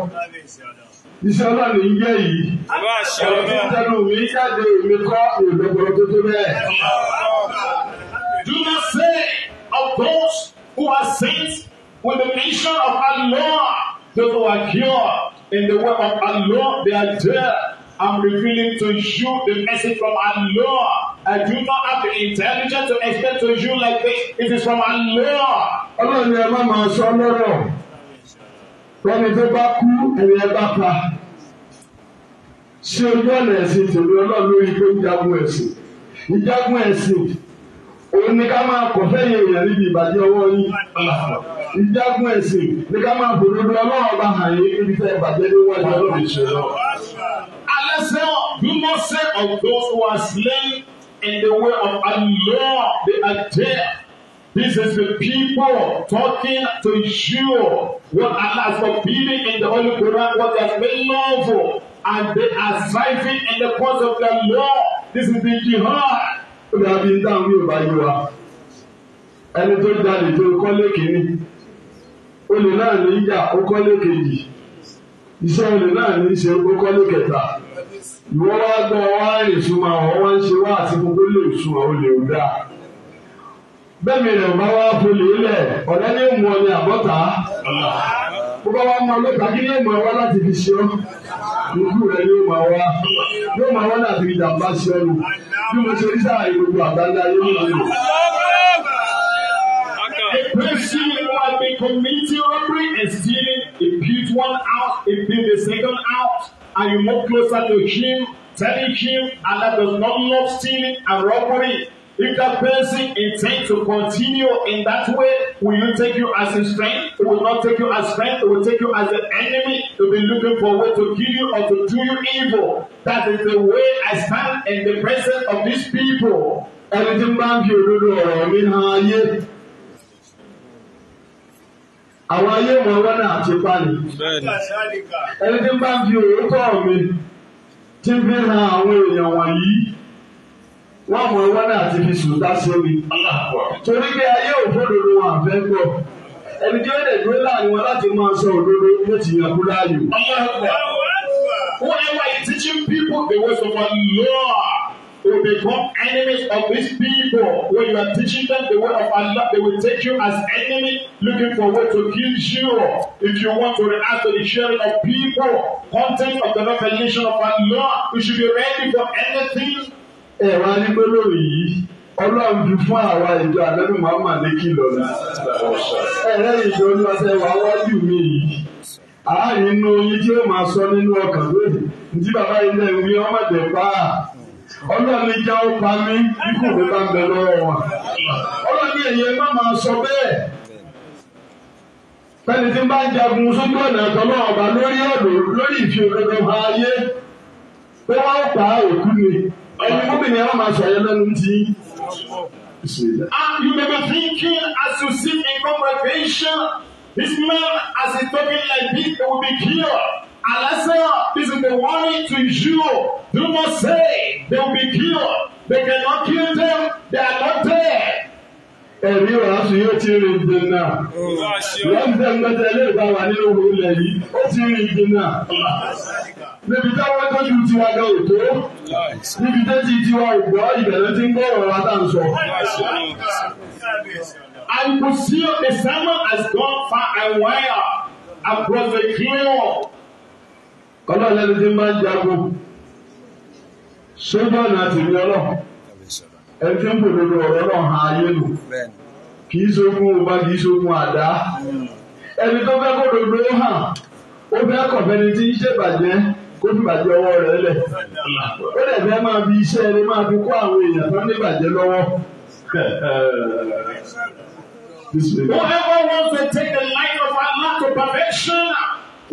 iṣẹ́ ọlọ́ni ń gbé yìí ọ̀rọ̀ ń tẹnu mi jáde mi kọ́ ìgbẹ́gbẹ́ tó tó bẹ́ẹ̀. Do not say of those who are saints with the nation of Allah those who are pure in the way of Allah they are there. I'm revealing to you the message from Allah. I do not have the intelligence to explain to you like this. It is from Allah. Ọlọ́run ni ẹ má máa sọ lọ́rọ̀. Lẹ́ni tó bá kú ẹ̀yìn bá pa. Ṣé ojú ọ̀nà ẹ̀sìn tèmi ọlọ́run lórí pé ìjagun ẹ̀sìn? Ìjagun ẹ̀sìn òun ni ká máa kọ̀ fẹ́yìn èèyàn níbi ìbàjẹ́ ọwọ́ yín. Ìjagun ẹ̀sìn ni ká máa bòdodo ọlọ́run bá hàn yín níbi tẹ́ ìbàjẹ́ dé wájú do blessing, say of those who are slain in the way of Allah, they are dead. This is the people talking to you. What Allah is forbidding in the Holy Quran, what they have been lawful, and they are striving in the cause of the law. This is the jihad. Ó dàbí dáhùn ní ìbá yìí wa. Ẹni tó jáde tó kọ́lé kìíní. Olè náà ní í yà ó kọ́lé kejì. Iṣẹ́ olè náà ní í ṣe ó kọ́lé kẹta ìwọ wá gbọ́ wá rìn súnmọ́ àwọn wá ń ṣe wá àti gbogbo lè sun àwọn lè dá bẹ́ẹ̀ mi rẹ̀ bá wá folè lẹ̀ ọ̀rẹ́ ní mú ọ ní àbọ̀tá bó bá wá mọ lóta kí ní mọ̀ wá láti fi ṣe ọ́ lókù rẹ̀ yóò máa wá yóò máa wá láti fi jàmbá ṣe ọ́ lò bí mo ṣe rí sáà gbogbo àgbáńdá yóò máa lò. Person will be committing robbery and stealing, impute one out, impute the second out and you move closer to Him, telling Him, and that does not love stealing and robbery. If that person intends to continue in that way, will you take you as his friend? It will not take you as friend. It will take you as an enemy. It will be looking for a way to kill you or to do you evil. That is the way I stand in the presence of these people. Ẹni tí ń bá ń fi òdodo ọ̀rọ̀ mi hàn ayé. àwọn ayé wọn wọn náà ti pani. ẹni tí bá ń fi òótọ́ mi ti fi àwọn èèyàn wọ̀nyí wọ́n mọ̀ wọn náà ti fi sùn mi. torí pé ayé òfòdodo gbọ́ ẹni tí ó lè dúró láàrin wọn láti máa sọ òdodo ló ti yàn kú láàyò. wọ́n will become enemies of these people. When you are teaching them the word of Allah, they will take you as enemy, looking for way to kill you. If you want to react to the sharing of people, content of the revelation of Allah, you should be ready for anything. Ẹ̀rọ anígbélórí yìí, Ọlọ́run ti fún àwa ìjọ àlẹ́nu Muhammad ní kìlọ̀ ní. Ẹ̀rẹ́ ìjọ olúwaṣẹ́ wa wájú mi yìí. Àárín inú oyin tí ó máa sọ nínú ọkàn lónìí, ní tí bàbá ilé ìwé ọmọdé pa á ọlọ́run já ó pa mí ikú mi bá ń bẹ lọ́wọ́ wọn. ọlọ́run ẹ̀yẹ má máa sọ bẹ́ẹ̀. pẹ́ni tí ń bá jagun sójú ọ̀nà ìtọ́lọ́ ọ̀gá lórí ọ̀dọ̀ lórí ìfiòdodo ha ayé pé wọ́n ó pa òkú ni ẹni gómìnà ẹ̀ máa sọ yẹn lẹ́nu tí. And ah, you may be thinking as you sit in congregation, this man as he talking like this, he will be killed. And this is the warning to you. Do not say they will be killed. They cannot kill them. They are not dead. Ẹ̀rí ọ̀rá ṣe yóò ti rìn dènà. Wọ́n ń dẹ́nu mẹ́ta ilé ìgbà wà nínú òwò ilẹ̀ yìí. Ó ti rìn dènà. Níbi táwọn tọ́jú tiwa gan ò tó. Níbi tẹ́tí tiwa ò gbọ́ ìbẹ̀rẹ̀ tí ń gbọ́ ọ̀rọ̀ wa tá à ń sọ. I will see your sermon has gone far and wide across the kingdom ọlọ́run lẹ́nu tí ń bá ń jagun sójú ọ̀nà àtìmí ọlọ́run ẹni ń bò lórí ọ̀rọ̀ náà hàn ayé nù kì í ṣogun ọba kì í ṣogun àdá ẹni tó fẹ́ kó dodo hàn ó fẹ́ kọ̀fẹ́ni tí ń ṣèbàjẹ́ kó fi bàjẹ́ ọwọ́ rẹ̀ lẹ̀ ó dẹ̀ fẹ́ máa fi iṣẹ́ ẹni máa fi kó àwọn èèyàn tó ní bàjẹ́ lọ́wọ́. Whoever wants to take the light of Allah to perfection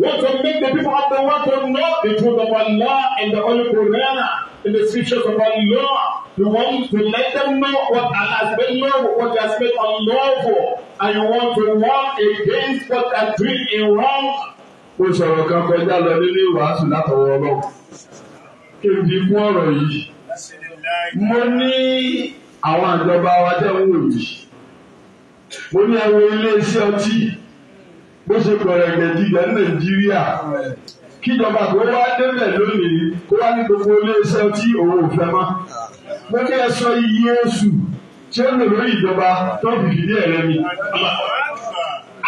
want to make the people of the world to know the truth of Allah and the Holy Quran in the scriptures of Allah. You want to let them know what Allah has made love, what He has made unlawful, and you want to warn against what has doing in wrong. Ó sọ̀rọ̀ kan kọjá lọ nílé ìwàásù látọwọ́ Ọlọ́run. Kébi fún ọ̀rọ̀ yìí. Mo ní àwọn àjọba wa tẹ́ wò yìí. Mo ní ẹ ilé iṣẹ́ ọtí bó ṣe gbọ̀rẹ̀gẹ̀ jíjẹ ní nàìjíríà kíjọba kó wá débẹ̀ lónìí kó wá ní gbogbo iléeṣẹ́ tí òun ò fẹ́ mọ́. mo ní ẹ iye oṣù tí ó lò lórí ìjọba tó fi fìdí ẹ̀rẹ́ mi.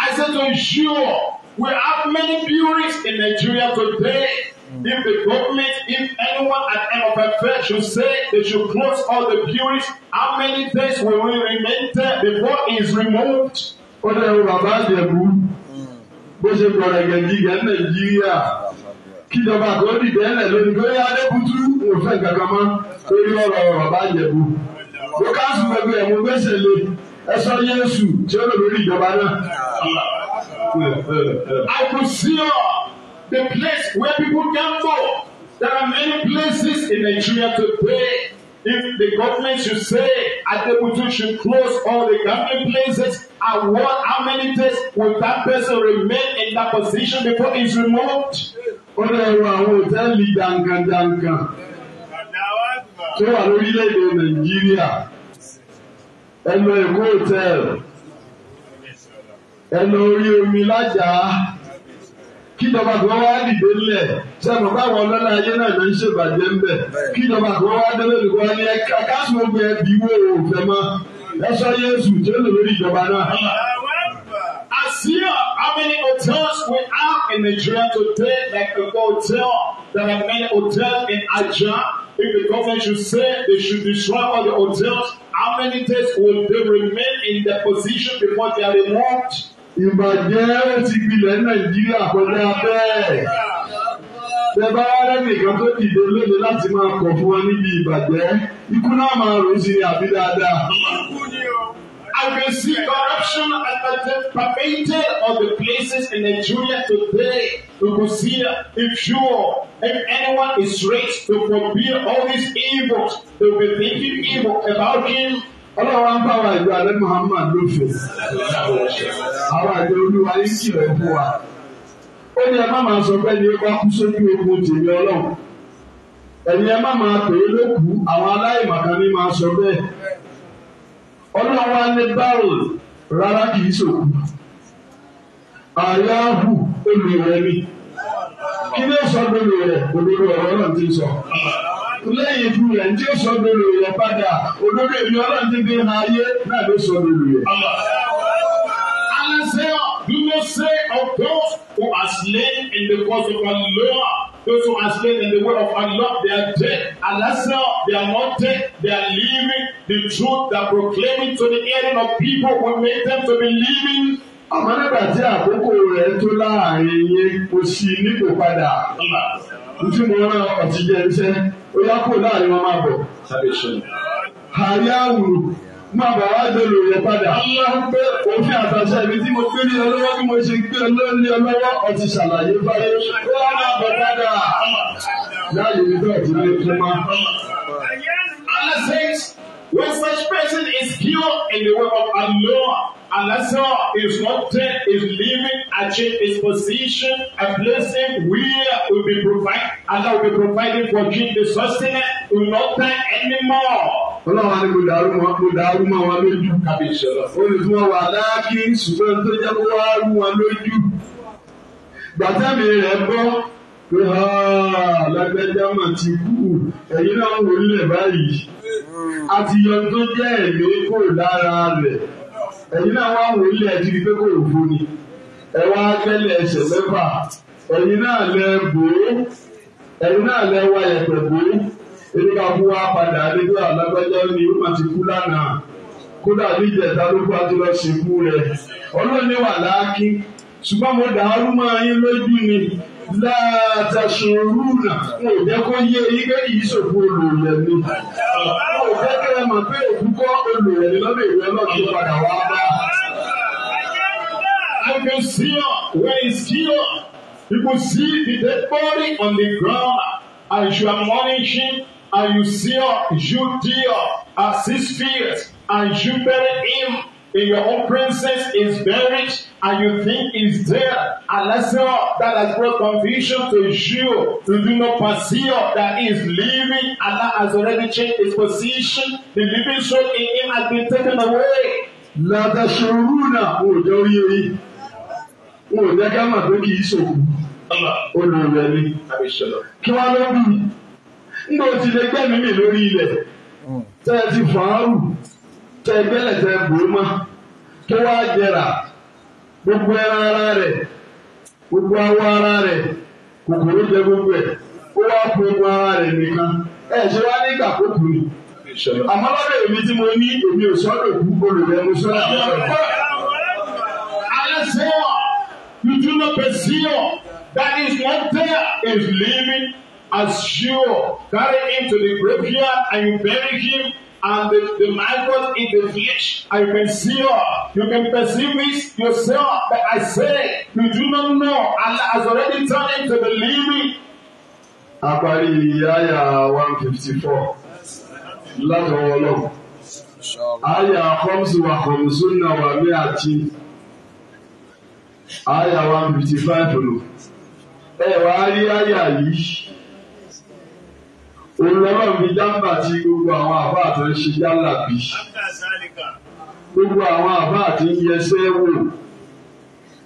I said to you sure we have many bureaus in Nigeria today. If the government, if anyone at end of affair should say they should close all the bureaus, how many days will we remain there before it is removed? bó ṣe gbọ̀rọ̀ gẹ̀dígẹ̀ nàìjíríà kíjọba kò dìde ẹlẹ lórí lórí adébútú òfin kankan lórí ọ̀rọ̀ bàbá àjẹbù ó káàsù gbẹgbẹ ẹmu gbèsè lé ẹsọ yéésù tí ó lò lórí ìjọba náà. I could see uh, the place where people can go. There are many places in Nigeria to pray. If the government should say Adebutu should close all the gambling places, at what how many days will that person remain in that position before he's removed? Ó lè rọ àwọn òtẹ́ẹ̀lì dankandankan tó wà lórílẹ̀-èdè Nàìjíríà. Ẹ lọ Èkó hòtẹ́ẹ̀lì, ẹ lọ orí omi lájà kíjọba kan wá dìde ńlẹ̀ sẹ́nu báwọn ọlọ́lá ayé náà ló ń ṣèbàjẹ́ ńbẹ̀ kíjọba kan wá délé lóko wá ní ẹ̀ka káṣí ogun ẹbí wo òfẹ́ mọ́ ẹ̀ṣọ́ yéésù tí ó lò lórí ìjọba náà. I see how many hotels we have Nigeria today, like the hotel. There are many hotels in Ajah. If the government should say they should destroy all the hotels, how many days will they remain in their position before they are removed? ìbàjẹ́ ti gbilẹ̀ nàìjíríà kọjá bẹ́ẹ̀. Bẹ́ẹ̀ bá tó dìde lóde láti máa kọ̀ fún wọn níbi ìbàjẹ́, ikú náà máa rò sí àbí dáadáa. I can see corruption as the pervaded of the places in Nigeria today. To consider if you if anyone is rich to forbid all these evils, to be thinking evil about him. ọlọ́wọ́ ń bá wa ìlú alẹ́ Muhammad lófin àwọn àjọ olúwa ń kí ẹ̀ fún wa ó ní ẹ má máa sọ pé ní ẹgbẹ́ kú sójú ogun tèmi ọlọ́run ẹ̀yin ẹ má máa pè é lókù àwọn aláìmọ̀kan máa sọ bẹ́ẹ̀ ọlọ́run báwò rárá kì í sòkù olùrẹ́mi kí ló sọ rẹ̀ lẹ́yìn ikú rẹ̀ ní tí ó sọ lórí rẹ̀ padà òdodo èmi ọlọ́run ti fi hàn ayé náà ló sọ lórí rẹ̀. Alasẹ́yà do not say of those who are slain in the cause of Allah. Those who are slain in the way of Allah, they are dead. Alasẹ́yà, they are not dead, they are living the truth that proclaiming to the hearing of people who make them to be living àmọ́ nígbà tí àkókò rẹ̀ tó láàrin yín kò sí nípò padà ntí mo rán ọtí jẹ ó yá kó láàrin wọn máa bọ̀. àrí àwùrù máa bọ̀ wá dolo rẹ̀ padà. òfin àtàṣà ibi tí mo gbé ní ọlọ́wọ́ bí mo ṣe gbé olórí ọlọ́wọ́ ọtí ṣàlàyé báyé ó wá máa bọ̀ padà. láàyè mi tó ọ̀tí náà máa. When such person is pure in the way of Allah, Allah is not dead, is living, achieve his position, a blessing where will be provided. Allah will be providing for him the sustenance, will not die anymore. Ọlọ́run ni mo dàrú mọ́ mo dàrú mọ́ wọn lójú kàbí ìṣẹ̀lẹ̀. Ó lè tó jẹ́ kó wá rú wọn lójú. Gbàtẹ́mi rẹ̀ bọ́ pé ha lágbẹ́já mà ti kú ẹ̀yin náà wò nílẹ̀ báyìí àti yọ tó jẹ́ ẹ̀mí kò lára rẹ̀ ẹ̀yin náà wà wò nílẹ̀ ẹ̀jú pé kò fún ni ẹ wá tẹ́lẹ̀ ẹsẹ̀ mẹ́fà ẹ̀yin náà lẹ bò ó ẹ̀yin náà lẹ wá ẹ̀pẹ̀ bò ó èyí ká fún wa padà nígbà lágbẹ́já ni ó mà ti kú lánàá kódà ní ìjẹta ló bá ti lọ sìnkú rẹ̀ ọlọ́ọ̀ni wà láàkín ṣùgbọ́n mo dàárú máa yín lójú ni látàṣòrú nà ò jẹ́ kó yé eyín pé kì í jẹ́ kí ẹ mọ̀ pé òkú kọ́ lọ́dọ̀ ìwé ọlọ́run tó padà wá bá. I can see her where is he? You could see the dead body on the ground as you are monitoring and you see her, you dear, as his fears and you bury him in your own princess is buried and you think is there a lesson that has brought confusion to you to do not pursue that he is living Allah has already changed his position the living soul in him has been taken away. látàṣọrúnà ò jẹ́ orí orí ò jẹ́ ká mà kí wọ́n lọ bí nígbà tí lè gbẹ̀mí mi lórí ilẹ̀ hmm. tẹ́ ẹ ti fàárù tẹ gbẹ́lẹ̀ tẹ bòómà tó wá jẹrà gbogbo ẹran ara rẹ̀ gbogbo awọ ara rẹ̀ kòkòrò jẹ gbogbo ẹ̀ ó wá fún egun ara rẹ̀ nìkan ẹ̀ ṣe wá nígbà tó kù ni àmọ́ lọ́dọ̀ èmi tí mo ní èmi ò sọ́dọ̀ kú olùdẹ̀ mo sọ́dọ̀ kú. Alẹ́sẹ̀wà you do not pursue that is not there is living as sure carry him to the graveyard and you bury him and the, the microbes in the flesh. I can see you. You can perceive it yourself. But I say, you do not know. Allah has already turned him to the living. Apari Aya 154. fifty four. Látọ̀ ọlọ́run. Aya Khomsu wa Khomsu na wa mi àti. Aya one fifty Ẹ wá rí aya yìí. Olùlọ́wọ́ mi jábà tí gbogbo àwọn àbá àti ń ṣe yálà bí. Gbogbo àwọn àbá àti ń yẹsẹ́ wò.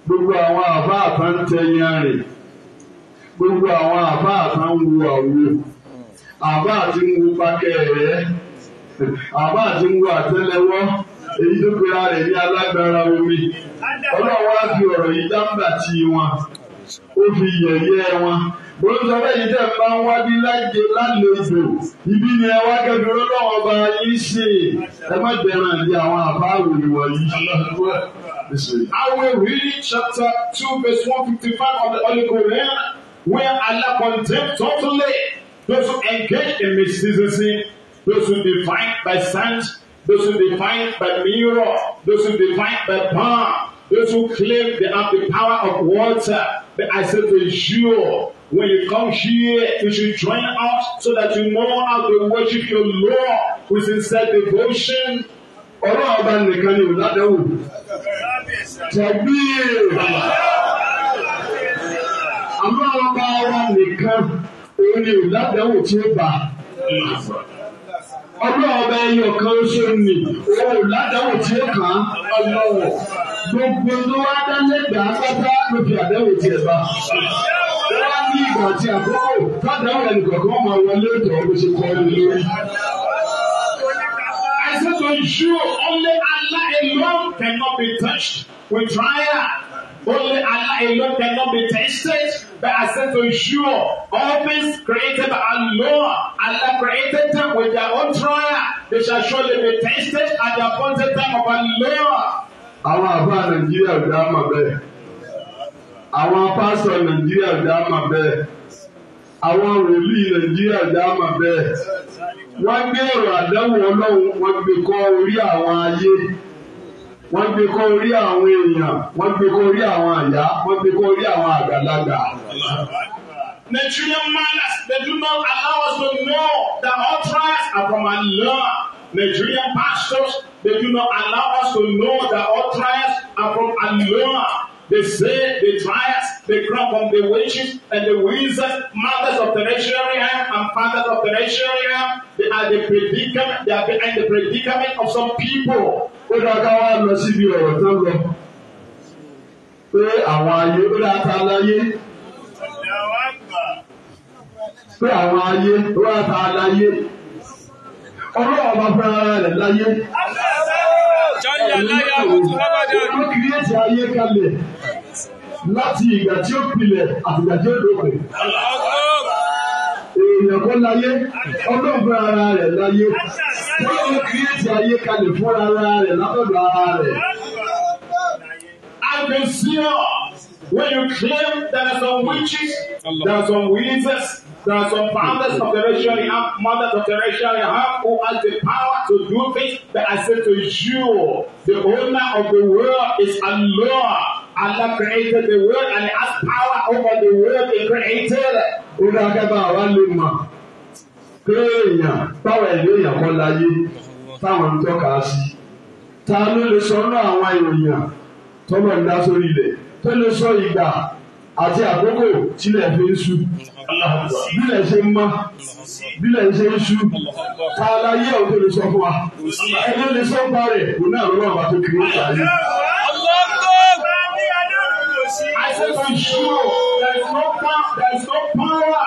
Gbogbo àwọn àbá àti ń tẹyàn rìn. Gbogbo àwọn àbá àti ń wo àwo. Àbá àti ń wo pákẹ́rẹ́. Àbá àti ń wo àtẹ́lẹwọ́. Èyí tó pera rẹ̀ ní alágbára omi. Ọlọ́wọ́ á fi ọ̀rọ̀ yìí jábà tí wọn. Ó fi yẹ̀yẹ́ wọn. Bólúsọ bẹ́ẹ̀ tẹ̀ bá ń wádìí láìké lálejò. Ibi ni ẹ wá kẹ́kọ̀ọ́ lọ́wọ́ ọba yìí ṣe. Ẹ má bẹ̀rẹ̀ ní àwọn àbá ìròyìn wọ̀nyí. I will read chapter two verse one fifty five of the Holy Quran where Allah condemns totally those who engage in mysticism, those who define by signs, those who define by mirror, those who define by palm, those who claim they have the power of water. But I said for sure, when you come here, you should join us so that you know how to worship your Lord with sincere devotion. Ọ̀rọ̀ ọba nìkan ni òládẹ́wò. Tẹ̀bí èèmà. Àmọ́ ọba ọba nìkan òun ni òládẹ́wò tí ó bà. Ọlọ́ ọba ẹyọ kan ṣe nì, òun òládẹ́wò tí ó kàn án lọ́wọ́. Gbogbo ló wá dá lẹ́gbẹ̀ẹ́ apáta àdáwò tiẹ̀ bá. Wọ́n á ní ìgbà àti àkókò fádáwò ẹnìkọ̀ọ̀kan máa wọlé ìtọ̀ bó ṣe kọ́ ni lórí. I said to you, only Allah alone cannot be touched with fire. Only Allah alone cannot be tested. But I said to you, all things created by Allah, Allah created them with their own trial. They shall surely be tested at the appointed time of Allah àwọn àbá nàìjíríà bí a mọ̀ bẹ́ẹ̀ àwọn pásọ nàìjíríà bí a mọ̀ bẹ́ẹ̀ àwọn wòlíì nàìjíríà bí a mọ̀ bẹ́ẹ̀ wọ́n gbé ọ̀rọ̀ àdánwò ọlọ́run wọ́n gbé kọ́ orí àwọn ayé wọ́n gbé kọ́ orí àwọn èèyàn wọ́n gbé kọ́ orí àwọn àyà wọ́n gbé kọ́ orí àwọn àgbàlagbà. Nigerian manners, they do not allow us to know that all trials are from Allah. Nigerian pastors They do not allow us to know that all trials are from Allah. They say the trials, they come from the witches and the wizards, mothers of the tertiary and fathers of the tertiary. They are the predicament, they are behind the predicament of some people. Pé àwọn ayé ó dá ta láyé. Pé àwọn ayé ó dá ta láyé ọlọ́wọ́ bá fún ara rẹ̀ láyé. jọ́yà láyà òtún lábàjá. ó kìrìyèsí ayé kalẹ̀ láti ìgbà tí ó pilẹ̀ àtìgbà tí ó dókè. èèyàn kọ́ láyé ọlọ́wọ́ fún ara rẹ̀ láyé. ó kìrìyèsí ayé kalẹ̀ fún ara rẹ̀ látọ̀dọ̀ ara rẹ̀. I can see When you claim hmm. there are some witches, there are some wizards, there are some founders of the racial half, mothers of the racial half who has the power to do things, but I say to you, the owner of the world is Allah. Allah created the world and has power over the world he created. Ó dá ẹ̀mí èèyàn kọ́ láyé táwọn ń tọ́ka sí. Ta ló lè sọ ọ́nà àwọn èèyàn tọ́lọ̀ ń dá sórí ilẹ̀? tó sọ ìgbà àti àkókò tílẹ̀ fi ń ṣú bílẹ̀ ṣe ń mọ́ bílẹ̀ ṣe ń ṣú ká aláyé ò tó lè sọ fún wa ẹni lè sọ fún rẹ̀ kò náà lọ́wọ́ àbá tó kiri ó tàyé. I say for sure, there is no power,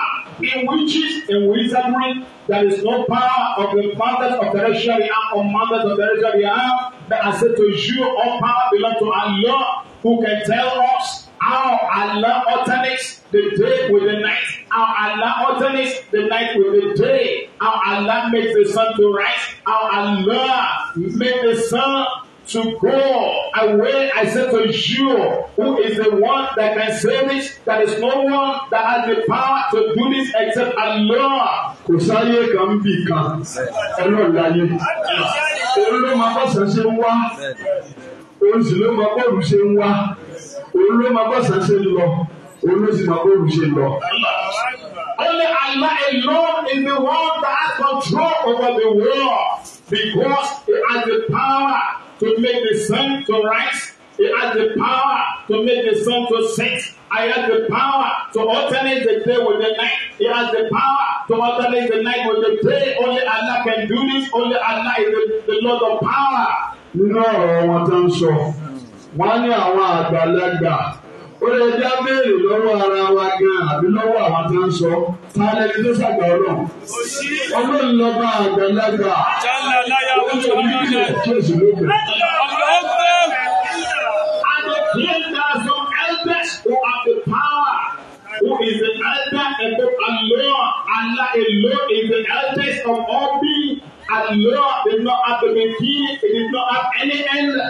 in witches, in wizardry, there is no power of the fathers of the realm or mothers of the realm. But I said to you, all power belongs to Allah who can tell us how Allah alternates the day with the night, how Allah alternates the night with the day, how Allah makes the sun to rise, how Allah makes the sun to go away. I say to you, who is the one that can say this? There is no one that has the power to do this except Allah. Kò sáyé kan bì kan, ẹ̀rọ ìlàyé, èrò ló máa bá ṣẹ̀ṣẹ̀ wá òun ló mọ bọ́ọ̀lù ṣe ń wá òun ló mọ bọ́ọ̀sán ṣe ń lọ òun sì mọ bọ́ọ̀lù ṣe ń lọ. Only Allah alone is the one that has control over the world because he has the power to make the sun to rise. He has the power to make the sun to set. I have the power to alternate the day with the night. He has the power to alternate the night with the day. Only Allah can do this. Only Allah is the, the Lord of power nínú ọ̀rọ̀ wọn tó ń sọ wọn á ní àwọn àgbàlagbà ó lè dá béèrè lọ́wọ́ ara wa gan àbí lọ́wọ́ àwọn tó ń sọ ta lẹni tó ṣàgbà ọlọ́run ọlọ́run lọ́ba àgbàlagbà ó lè ní ilé kéèsì lókè. Who have the power? Who is the elder above Allah? Allah alone is the eldest of all beings at law, they did not have the meeting, they did not have any end.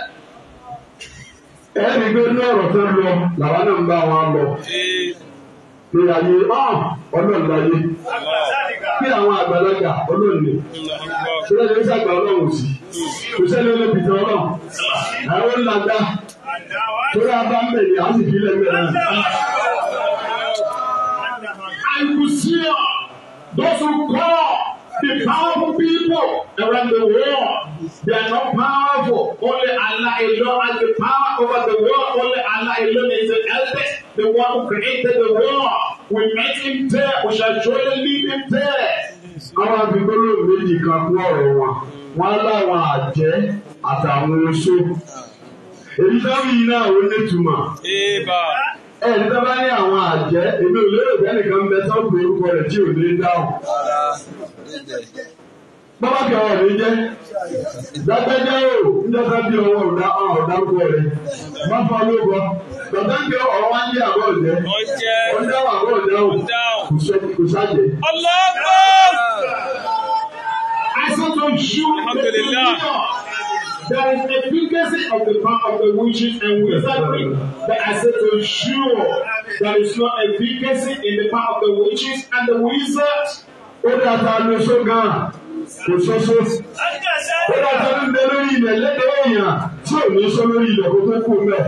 Ẹni gbé ní ọ̀rọ̀ tó lọ làwọn náà ń bá wọn lọ. Ní ayé ọ̀n ọlọ́run láyé. Kí àwọn àgbàlagbà ọlọ́run lè. Ṣé ẹni sàgbà ọlọ́run sí? Kò sẹ́ni olóbi tán ọlọ́run. Àwọn ńláńdá. Torí abá ń bẹ̀ ni a sì fi lẹ́gbẹ̀ẹ́ náà. I will see you. Those who call. The powerful people around the world, they are not powerful. Only Allah alone has the power over the world. Only Allah alone is the eldest, the one who created the world. We make him there, we shall surely leave him there. Àwọn àgbẹ̀gbọ́lò méjì kan kú ọ̀rọ̀ wọn, wọ́n láwọn àjẹ́ àtàwọn oṣó. Èyí táwọn yìí náà ó nítumọ̀ ẹni tó bá ní àwọn àjẹ́ èmi ò lérò ń bẹ tó orúkọ rẹ̀ tí ò ní dáhùn. bàbá ọ̀rọ̀ mi jẹ́ dákẹ́jẹ́ o níjọ́sá bí ọwọ́ ọ̀dà ọ̀dàkọ rẹ̀ má fọ́ lóko bàbá kí ọ̀rọ̀ wá ń jẹ́ àbọ̀ ọ̀jẹ́ ọ̀dà àbọ̀ ọ̀dà kò sájẹ́. ọlọ́gbọ́n. I saw some shoe. Alhamdulillah. There is a efficacy of the power of the witches and wizardry. That I said to sure, there is a efficacy in the power of the witches and the wizards. Ó dàtà ló ṣọ́gàn kò ṣoṣo. Ó dàtà ló ń bẹ lórí ilẹ̀ lẹ́dẹ̀ èèyàn tí ò ní sọ lórí ilẹ̀ kókó kú mẹ́.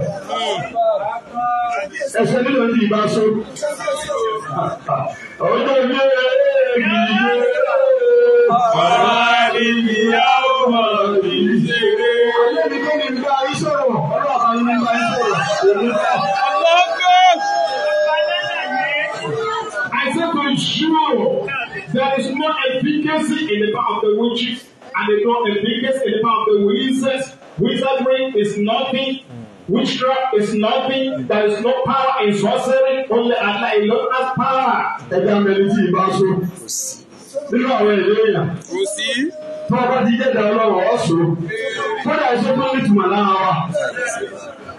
Ẹ̀sẹ̀ nínú ní ìbá so. Ọjọ́ ilé ìyè. Bàbá ìyá ọmọ mi. I said to ensure there is no efficacy in the power of the witches and there is no efficacy in the power of the wizards. Wizardry is nothing. Witchcraft is nothing. There is no power in sorcery. Only Allah alone has power nínú àwọn èdè èèyàn. kò sí. tó o bá ti jẹ́ ìdáwọ́ lọ́wọ́ ọ̀ sọ. kódà iṣẹ́ tó ní ìtumọ̀ náà wà.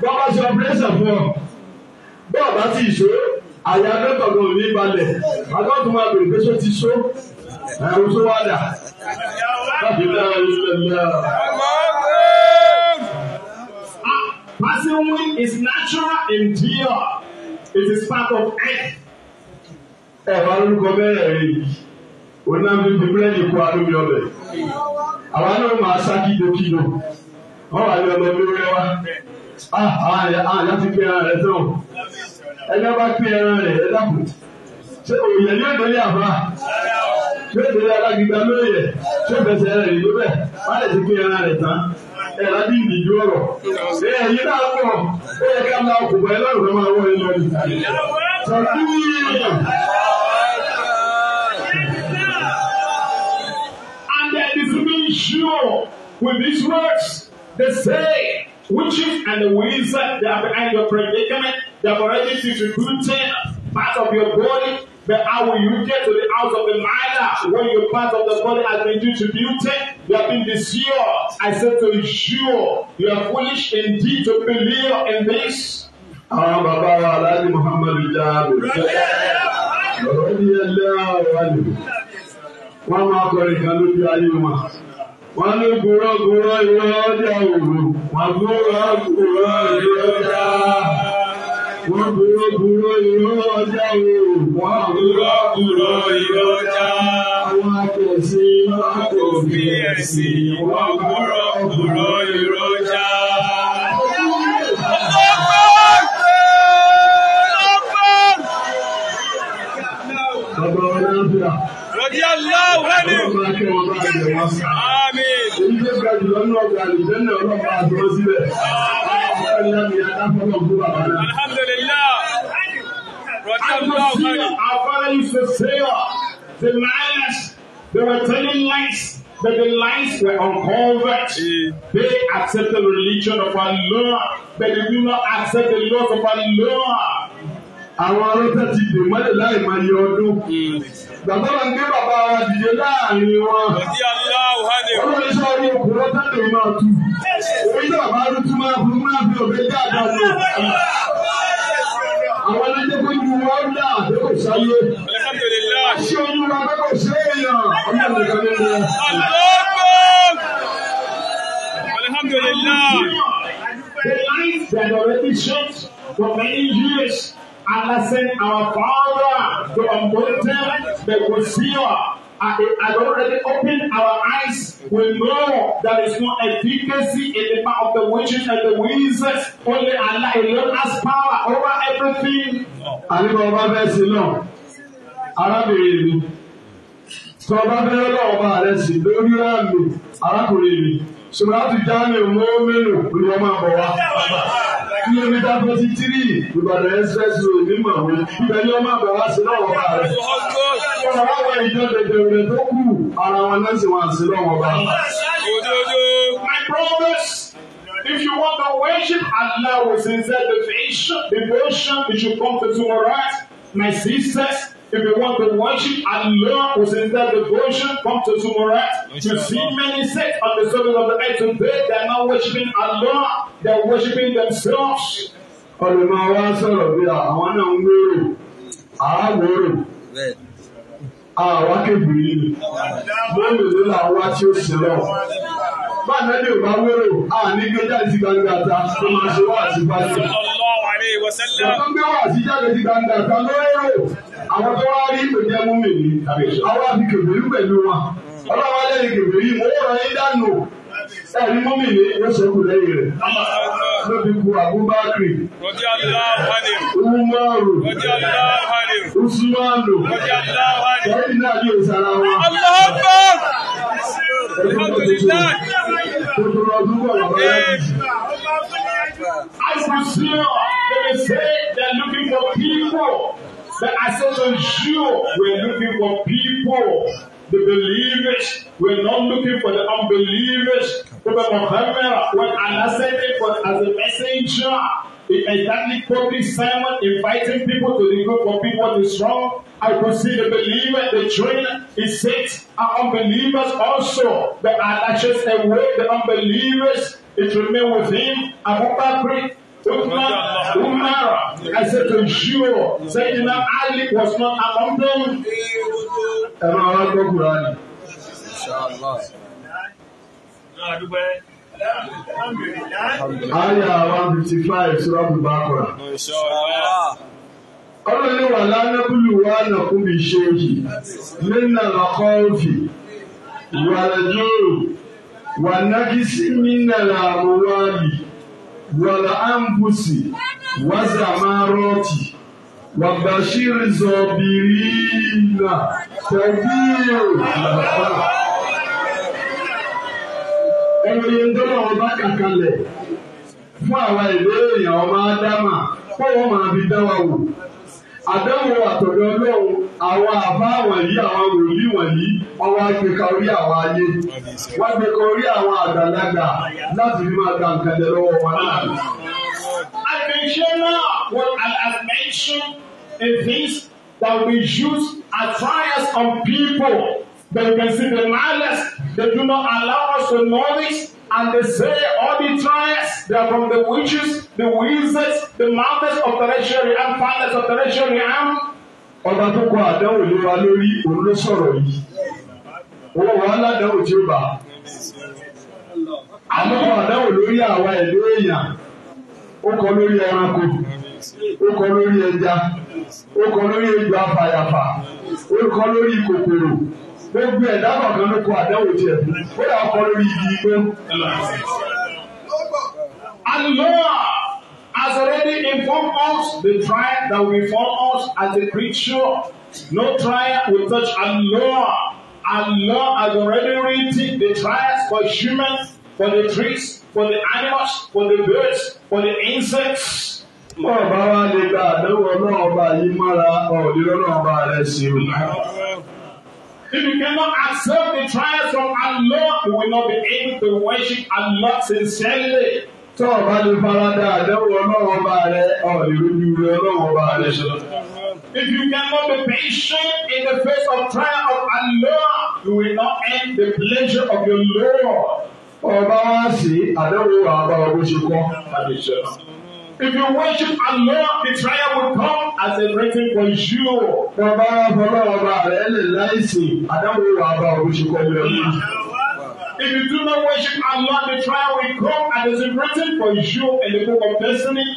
bọ́ọ̀ bá ṣe ọpẹrẹsẹ̀ fún ọ. bọ́ọ̀ bá ti ṣó àyà dọ́tọ̀ ló ní balẹ̀. àgọ́ tó máa bèrè pé ṣó ti ṣó. ẹ̀rù tó wá dà. kábí náà ń lè lọ. Passing wind is natural and dear. It is part of earth onáfi bíbélì yìí kó alómi ọbẹ̀ àwa náà máa sá kídókídó wọn wà ní ọmọ lórí wa ah, àyà ti pé ara rẹ tán ẹni ọba pé ara rẹ ẹ dàpọ̀ ṣé òòyẹ ní òdòlé àbá ṣé òdòlé alágbègbè amóyè ṣé bẹsẹ rẹ nìyó bẹ wọn lè ti pé ara rẹ tán ẹ lábí ìdíjú ọ̀rọ̀ ẹ yìí náà wọ ó yẹ ká máa kó bọ ẹ lọrùn náà máa wọ ẹ lọ ní. sọ̀rọ̀ bí wọ́n yé èèyàn. sure with these words. They say, witches and the wizard that are behind your predicament, they have already distributed part of your body. But how will you get to the house of the miner when your part of the body has been distributed? You have been deceived. I said to you, you are foolish indeed to believe in this. Àwọn bàbá wa Aláàdì Muhammadu Jaabu. Ọ̀rọ̀ ni àwọn wa nìyí. Wọ́n máa kọrin kan lójú ayé wọn wọ́n ní gbúrọ́gbúrọ́ ọjà òru wọ́n gbúrọ́gbúrọ́ irọ́ ọjà. Wọ́n gbúrọ́gbúrọ́ irọ́ ọjà òru wọ́n gbúrọ́gbúrọ́ irọ́ ọjà. Àwọn akẹ̀sí wọn kò fi ẹ̀sìn wọ́n gbúrọ́gbúrọ́ irọ́ ọjà. àwòrán ni. Àmín. Èyí tó ga jùlọ nínú ọgbà àlùjẹ́ náà ọlọ́pàá àdúró sílẹ̀. Alhamdulillah. I see our father used to say, the liars, they were telling lies, but the lies were uncovered. Mm. They accept the religion of our Lord, but they do not accept the laws of our Lord àwọn ọlọ́tẹ̀ ti dè mọ́lẹ̀ láì máa yọ ọdún. Hmm. Bàbá wa ń gbé bàbá wa dìde láàrin wọn. Olórí sọ ní òkúrọ́ tẹ́lẹ̀ máa tu. Orí náà bá rú tún máa fún máa fi òbí dáadáa lò. Àwọn ẹlẹ́jẹ̀ pé ju wọn dà bí kò sáyé. Ṣé olúwa bẹ́ẹ̀ kò ṣe èèyàn? Ọmọ mi kan ní lọ. Alhamdulillah. The life that already shot for many years. Allah said, Our Father, to appointed the receiver. I, I already opened our eyes. We know there is no efficacy in the power of the witches and the wizards. Only Allah alone has power over everything. Àbíkọ̀ ọba bẹ́ẹ̀ sí náà, arábìnrin mi, tí ọba bẹ́ẹ̀ lọ́wọ́ ọba rẹ̀ sí lórí àmì arákùnrin mi sùmọ́tì jáde mọ́mìnù ni wọ́n máa bọ̀ wá. Kílómítà twenty three Ìbàdàn express road ní Màwé. Ibẹ̀ ni wọ́n máa wá sí lọ́wọ́ bá rẹ̀. Ọ̀rọ̀ àwọn ìjọ dẹ̀dẹ̀rẹ̀ tó kù ara wọn náà sì wọ́n sí lọ́wọ́ bá. My promise. If you want to worship Allah with sincere devotion, devotion, you should come to tomorrow, night, my sisters. If you want to worship and learn with sincere devotion, come to Sumerat. You see many sects on the surface of the earth today, they are not worshiping Allah, they are worshiping themselves. Olùmọ̀ wa sọ̀rọ̀ bí àwọn náà ń wérò, àáwòrò, àwa kébìrì ni, lónìí ló là wá tí ó sì lọ. Báyọ̀ ní ìwà wérò, àní gbé sí gbangba ta, tó máa ṣe wá àti bá ṣe. Ọ̀sán gbé wá àti jáde sí gbangba ta lóyè àwọn tó wá rí ìpè jẹ́ múmi ni àwọn àti kèbèrè pẹ̀lú wọn ọlọ́wọ́ lẹ́yìn kèbèrè mo ó ràn yín dànù ẹ̀rí múmi ni yóò ṣẹ́kù lẹ́yìn rẹ̀ ló fi ku Abubakar Umaru Usmanu ẹ̀rí náà yóò sara wọn. I can see you. They say they're looking for people. The I said to you, we're looking for people, the believers. We're not looking for the unbelievers. Prophet Muhammad, when Allah sent it for, as a messenger, the exactly public Simon inviting people to the group of people to strong. I could see the believer, the trainer, it says, are unbelievers also. But Allah just awake the unbelievers. It remained with him. Abu Bakr, Umar, I said to you, say Imam Ali was not among them. Ẹ̀rọ ara gbọ́ Kùránì. Aya one fifty five sura Bubakura. Ọlọ́ni wà lánàbùlù wà nàkú mi ṣe yìí. Nínà lọ́kọ́ òfì. Wà lẹ́jọ́ wà nákìsí mí làwọn wá yìí wala anfusi wazamaroti wabashiri zobirina tẹbíyò lọfà. ẹ̀rọ̀yẹ ń dọ́nà ọba kàkàlẹ̀ fún àwa ìbéèrè ọmọ ádámà kó wọ́n máa fi dá wa wò àdánwò àtọ̀dọ̀ ọlọ́run àwọn àbá wọ̀nyí àwọn wòlíì wọ̀nyí ọwọ́ agbèka orí àwọn ayé wọ́n agbèka orí àwọn àgbàlagbà láti fi máa gba nǹkan lọ́wọ́ wọn náà. Adventure what I have mentioned is things that we use as trials on people. They can the malice. They do not allow us to know this. And they say all the trials, they are from the witches, the wizards, the mountains of the terrestrial and fathers of terrestrial realm. Ọ̀gá tó kọ àdánwò lé lórí òun ló sọ̀rọ̀ yìí. Owó wa aládánwò tí ó bá. Àmọ́ àdánwò lórí àwa ẹ̀dọ́ èèyàn. Ó kọ lórí ẹranko. Ó kọ lórí ẹja. Ó kọ lórí egbò afàyàfà. Ó kọ lórí kòkòrò gbogbo ẹ̀dá kọ̀ọ̀kan ló kó àdánwò tiẹ̀ ó dà ọkọ lórí igi igbó. Allah has already informed us the trial that will befall us as a creature. No trial will touch And Allah. Allah has already written the trials for humans, for the trees, for the animals, for the birds, for the insects. Mọ̀ bá wá lè gba àdéhùn ọlọ́ọ̀bá yìí mọ́ra ọ̀ọ́dúnrún ọba rẹ̀ sí i. If you cannot accept the trials from Allah, you will not be able to worship Allah sincerely. Tó o bá lè farada àdéhùn ọlọ́wọ́ bá rẹ, ọ̀rẹ́ ojú rẹ ọlọ́wọ́ bá rẹ ṣe. If you cannot be patient in the face of trial of Allah, you will not end the pleasure of your Lord. Ọba wá sí àdéhùn àbá ọgbọ́n ṣe kọ́ If you worship Allah, the trial will come as a written for you. Bàbá bàbá bàbá rẹ̀ lè láìsí àdáwò wà bá òṣìkọ́ rẹ̀ mú. If you do not worship Allah, the trial will come as a written for you and the book of destiny.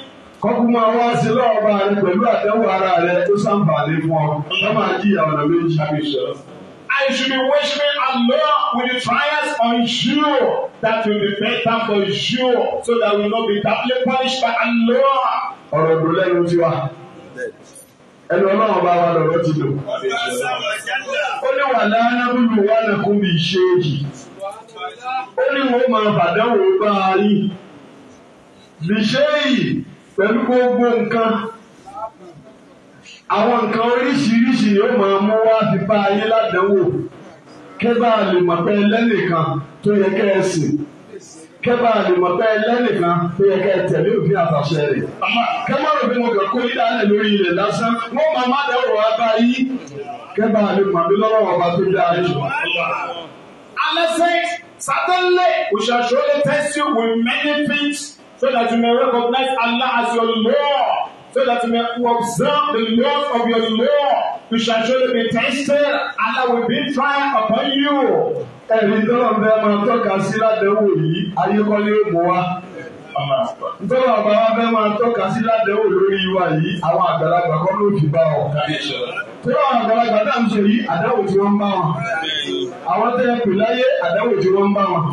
Kọ́kú máa wá sí lọ́ọ̀bá rẹ̀ pẹ̀lú àdánwò ara rẹ̀ tó sàǹfààní fún ọ. Wọ́n máa jí ìyàwó méjì. I should be worshiping Allah with the trials on you. That will be better for you so that we will not be doubly punished by Allah. Ọ̀rọ̀ ìlú lẹ́nu ti wá. Ẹnu ọlọ́run bá wa lọ̀rọ̀ ti lò. Ó ní wà láyé búlù wà lẹ́kùn bí ṣe yìí. Ó ní wọ́n máa bàdánwò bá a rí. Bí ṣe yìí pẹ̀lú gbogbo nǹkan àwọn nǹkan oríṣiríṣi ni ó máa mú wá fi bá ayé ládánwò kẹ́bà lè mọ̀ pé ẹlẹ́nìkan tó yẹ kẹ́ ẹ sìn kẹ́bà lè mọ̀ pé ẹlẹ́nìkan tó yẹ kẹ́ ẹ tẹ̀lé òfin àtàṣẹ rẹ̀. kẹ́bà rò bí mo kàn kó yíyá rẹ̀ lórí ilẹ̀ lásán wọ́n máa má dẹ́rù wá bá yí kẹ́bà lè mọ̀ mí lọ́wọ́ ọba tó dá ayé sùn. alẹ́sẹ̀ sátẹ́lẹ̀ òṣàṣọ́ lè tẹ́sí with many things so that you may recognize Allah as your Lord so that you may observe the laws of your law, you shall surely be tested, and I will be tried upon you. Ẹ̀rí tọ́lọ̀ ń máa tọ́ka sí ládẹ́wò yìí, ayékọ́lé ògùn wa. Ntọ́lọ̀ ọba wa bẹ́ máa tọ́ka sí ládẹ́wò lórí wa yìí, àwọn àgbàlagbà kọ́ ló fi bá ọ. Tọ́lọ̀ àgbàlagbà náà ń ṣe yìí, àdáwò tí wọ́n ń bá wọn. Àwọn tẹ́ ẹ pè láyé, àdáwò tí wọ́n ń bá wọn.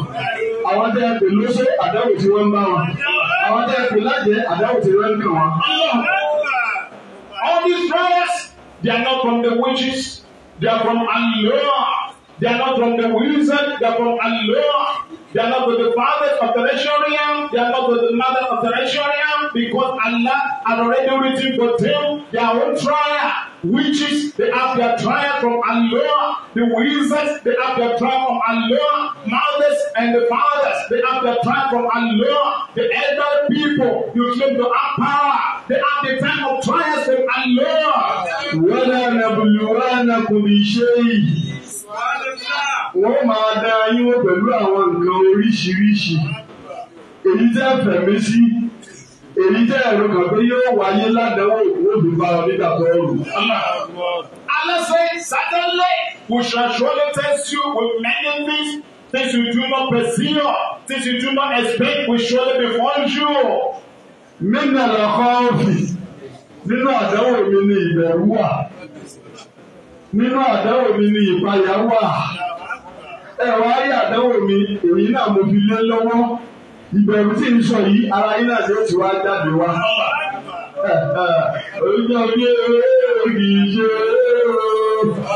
Àwọn tẹ́ ẹ pè lóṣè, àdáwò tí wọ́n ń bá wọn. Àwọn tẹ́ ẹ pè lájẹ, àdáwò tí wọ́n ń bá wọn. All these prayers, they are not from the witches, they are from Allah. They are not from the wizard, they are from Allah. They are not with the father of the nation realm. They are not with the mother of the nation realm. Because Allah had already written for them their own trial. Witches, they have their trial from Allah. The wizards, they have their trial from Allah. Mothers and the fathers, they have their trial from Allah. The elder people, you claim to have power. They have the time of trials from Allah wọ́n máa dá yín pẹ̀lú àwọn nǹkan oríṣiríṣi èyí tẹ́ fẹ̀mí sí èyí tẹ́ ẹ̀rọ kan pé yóò wáyé ládàáwò òbí bá ọ nígbà tó rù. Allah says, suddenly we shall surely test you with many things, things you do not perceive, things you do not expect will surely befall you. Nínú àlàkọ́ ọ̀fì, nínú àdáwò mi ni ìbẹ̀rù wà, nínú àdáwò mi ni ìpayà wà ẹ̀wọ̀n ayé àdánwò mi èyí náà mo fi lé lọ́wọ́ ìbẹ̀rù tí ń sọ yìí ara yín náà yóò ti wá jáde wá. Oúnjẹ mi ò kì í ṣe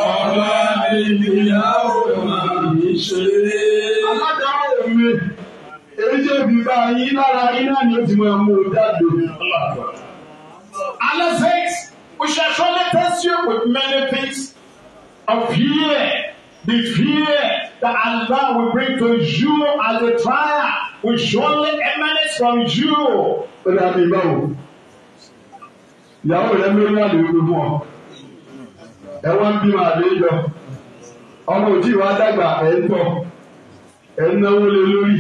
ọba mi ìyàwó mi ṣe. Aládáwò mi, èyí ṣe fi bá yín lára yín náà ni ó ti máa mú un jáde. Allah says, we shall surely test you with many things of fear. The fear that Allah will bring to you as a trial will surely emanate from you. Ó dà bí báwo? Ìyàwó rẹ̀ lórí àlè ogun fún ọ. Ẹ wọ́n ń bí màá lé jọ. Ọmọ òtí wa dàgbà ẹ̀ ń tọ̀. Ẹ̀ ń náwó lé lórí.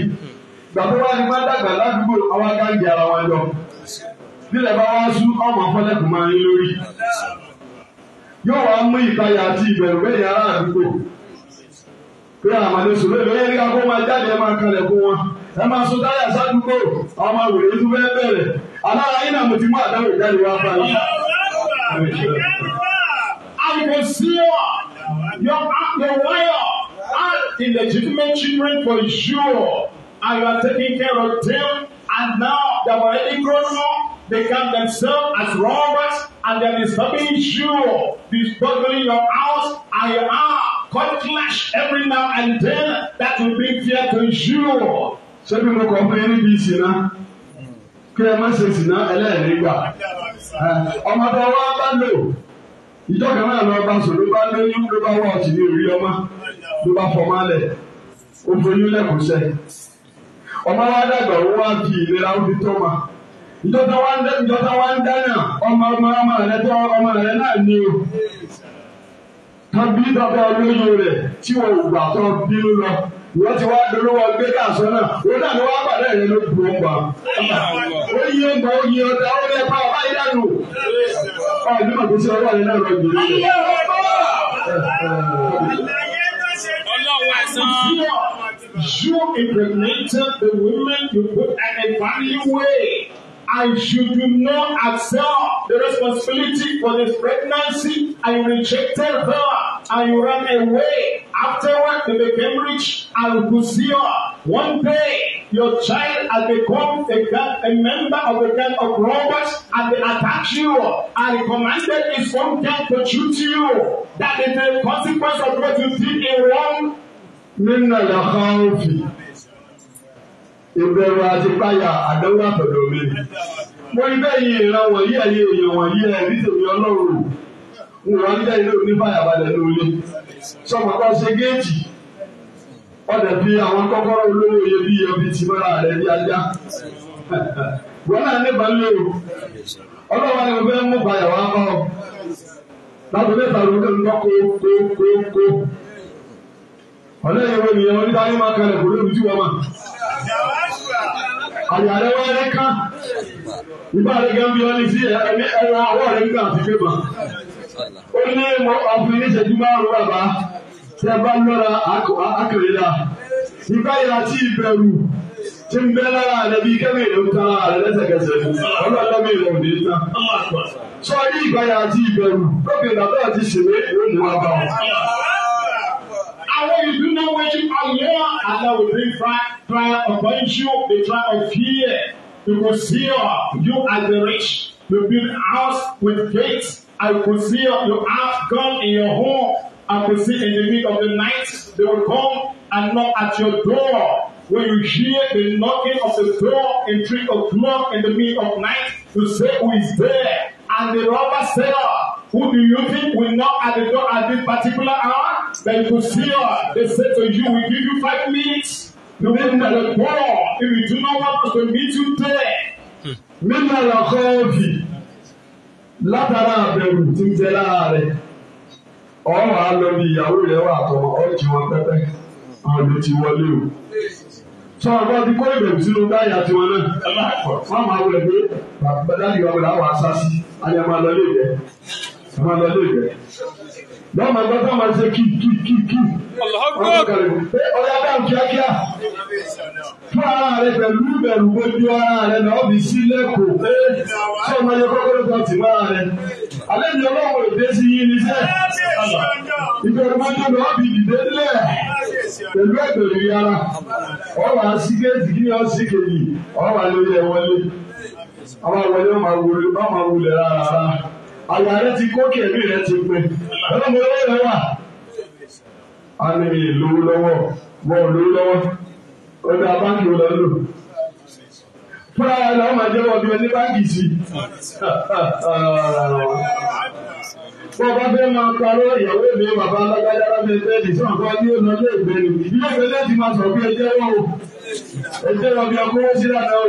Gbàgbọ́ wa ni wọ́n dàgbà ládùúgbò àwọn akáǹgì ara wọn jọ. Nílẹ̀ bá wá sún ọmọ fọ́lẹ́kùn lórí. Yóò wá mú ìpayà àti ìbẹ̀rù bẹ́ẹ̀ yàrá àdúgbò pé àmàlẹ́ sùn lóye lóye nígbà kó máa jáde máa kalẹ̀ fún wọn ẹ máa sọ táyà sádùúgbò ọmọ àwòrán ètò bẹ́ẹ̀ bẹ̀rẹ̀ alára yín náà mo ti mú àdáwò jáde wá bá yín. sí wa, your wire are illegitimate children for sure and you are taking care of them and now they are already grown up they count themselves as robbers and they are disturbing you disturbing your house and your house. Conflash every now and then that will bring fear to you. Ṣebí mo kọ̀ fún yín níbi ìsìná? Kí ẹ má ṣe ìsìná ẹlẹ́ẹ̀nígbà. Ọmọ tó wá bá lò. Ìjọba náà lọ bá sọ ló bá lóyún ló bá wọ ọtí ní orí ọmọ ló bá fọmọ alẹ̀. Ó foyún lẹ́kùnṣẹ́. Ọmọ wa dàgbà ó wá fi ìlera ó fi tó ma. Ìjọba wa ń dáná ọmọ ọmọ ọmọ rẹ tó ọmọ rẹ náà ní o kan bí bàbá olóyè rẹ̀ tí wọn ò gbà tán bínú lọ wọ́n ti wá dolówó gbé kàṣọ náà wọ́n dàbí wá pàdé ẹ̀rẹ́ ló bu ọgbà. ó yí ọgbà ó yí ọjà ó lẹ pa ọba yíyá nù. ọ̀ọ́dún màtí sí ọwọ́ rẹ náà lọ jù lọ. You impregnated the women you put at a value way and you do not accept the responsibility for the pregnancy and you rejected her and you ran away. Afterward, they became rich and could One day, your child has become a, a member of the gang of robbers and they attack you and commanded his own gang to shoot you. That is the consequence of what you did in wrong. من الخوف ìbẹ̀rù àti páyà àdánwò àtọ̀dọ̀ mi. mo rí bẹ́ẹ̀ yìí ìran wọ̀nyí ẹ̀yẹ èèyàn wọ̀nyí ẹ̀rí tèmi ọlọ́run ń wọ́n ń balẹ̀ lóore. kan ṣe géèjì ọ̀dẹ̀ bí àwọn kọ́kọ́rọ́ olówó rẹ̀ ajá. wọ́n náà ní balẹ̀ o ọlọ́wọ́ ni mo fẹ́ mú bàyà wá bá ọ. láti ilé àyà rẹ wá rẹ ká ìgbà rẹ gan bí wọn ní sí ẹmí ẹran ọwọ́ rẹ nígbà àti pépà ó ní mo àfin ní ìṣẹ́jú márùn bàbá tí a bá lọ́ra akèrèdà ìgbà yìí àti ìbẹ̀rù tí ń bẹ lára rẹ bí kẹ́mi ìlú ta rẹ lẹ́sẹ̀kẹsẹ̀ ọlọ́dọ́ mi ìlú òde ta sọ ní ìgbà yìí àti ìbẹ̀rù lókè bàbá àti ìṣèwé ìlú Wa bá wọn. when you do not worship Allah, Allah will bring trial upon you, they try to fear. will here you are the rich. You build house with gates. I will see you have gun in your home. I could see in the middle of the night they will come and knock at your door. When you hear the knocking of the door in three o'clock in the middle of night, you say, Who is there? And the robber said, Who do you think will knock at the door at this particular hour? Then you see her. Uh, they said to you, we give you five minutes. You make the poor. If you do not want us to meet you there, make the coffee. Látara àbẹ̀wò tí ń jẹ lára rẹ̀, ọ̀rọ̀ àlọ́bí ìyàwó rẹ̀ wà tọ́ ọ̀jì wọn pẹ́pẹ́, àwọn ló ti wọlé o. Sọ ọ̀gá ti kó ìbẹ̀rù sínú dáyà tiwọn náà. Wọ́n máa wọlé pé bàbá dáàbì ọ̀gbìn àwọn àṣà sí, àyàmọ̀ àlọ́lé ìgbẹ́. Àmọ̀ àlọ́lé ìgbẹ́ bọ́ọ̀ máa gbọ́dọ̀ máa ṣe kí kí kí kí. ọ̀yà bá ń kíákíá. fún ara pẹ̀lú ìbẹ̀rù gbójú ara rẹ náà bí sí lẹ́kọ̀ọ́ ṣé ọmọ yẹn kọ́kọ́rọ́ kan tì mọ́ rẹ. alẹ́ ni ọlọ́run èdè sí yín ní sẹ́. ìbẹ̀rù gbójú náà bí dìde nílẹ̀ pẹ̀lú ẹ̀bẹ̀rù yàrá. ọ̀wà sí kéèjì kí ni ọ̀ sí kéèjì ọ̀wà lórí ẹ̀ wọlé. àwọn àwọlé wọn máa wulẹ̀ rárá ọlọ́mọ lọ́wọ́ rẹ wà. a ní ìlówó lọ́wọ́ wọ́n lówó lọ́wọ́ ó ní abáńkì wọn lọ́lù. fúnra rẹ lọ́wọ́ máa jẹ́ wọ́n bí ẹni báńkì sí. Wọ́n bá fẹ́ máa parọ́ ìyàwó mi bàbá alágbádá lábẹ́ bẹ́ẹ̀dì tí wọ́n bá ní ọ̀nà ilé ìgbẹ́ ni. Ilé ìgbẹ́ láti máa o. Ẹjẹ́ wọn bí ọkọ̀ wọ́n sí lánàá o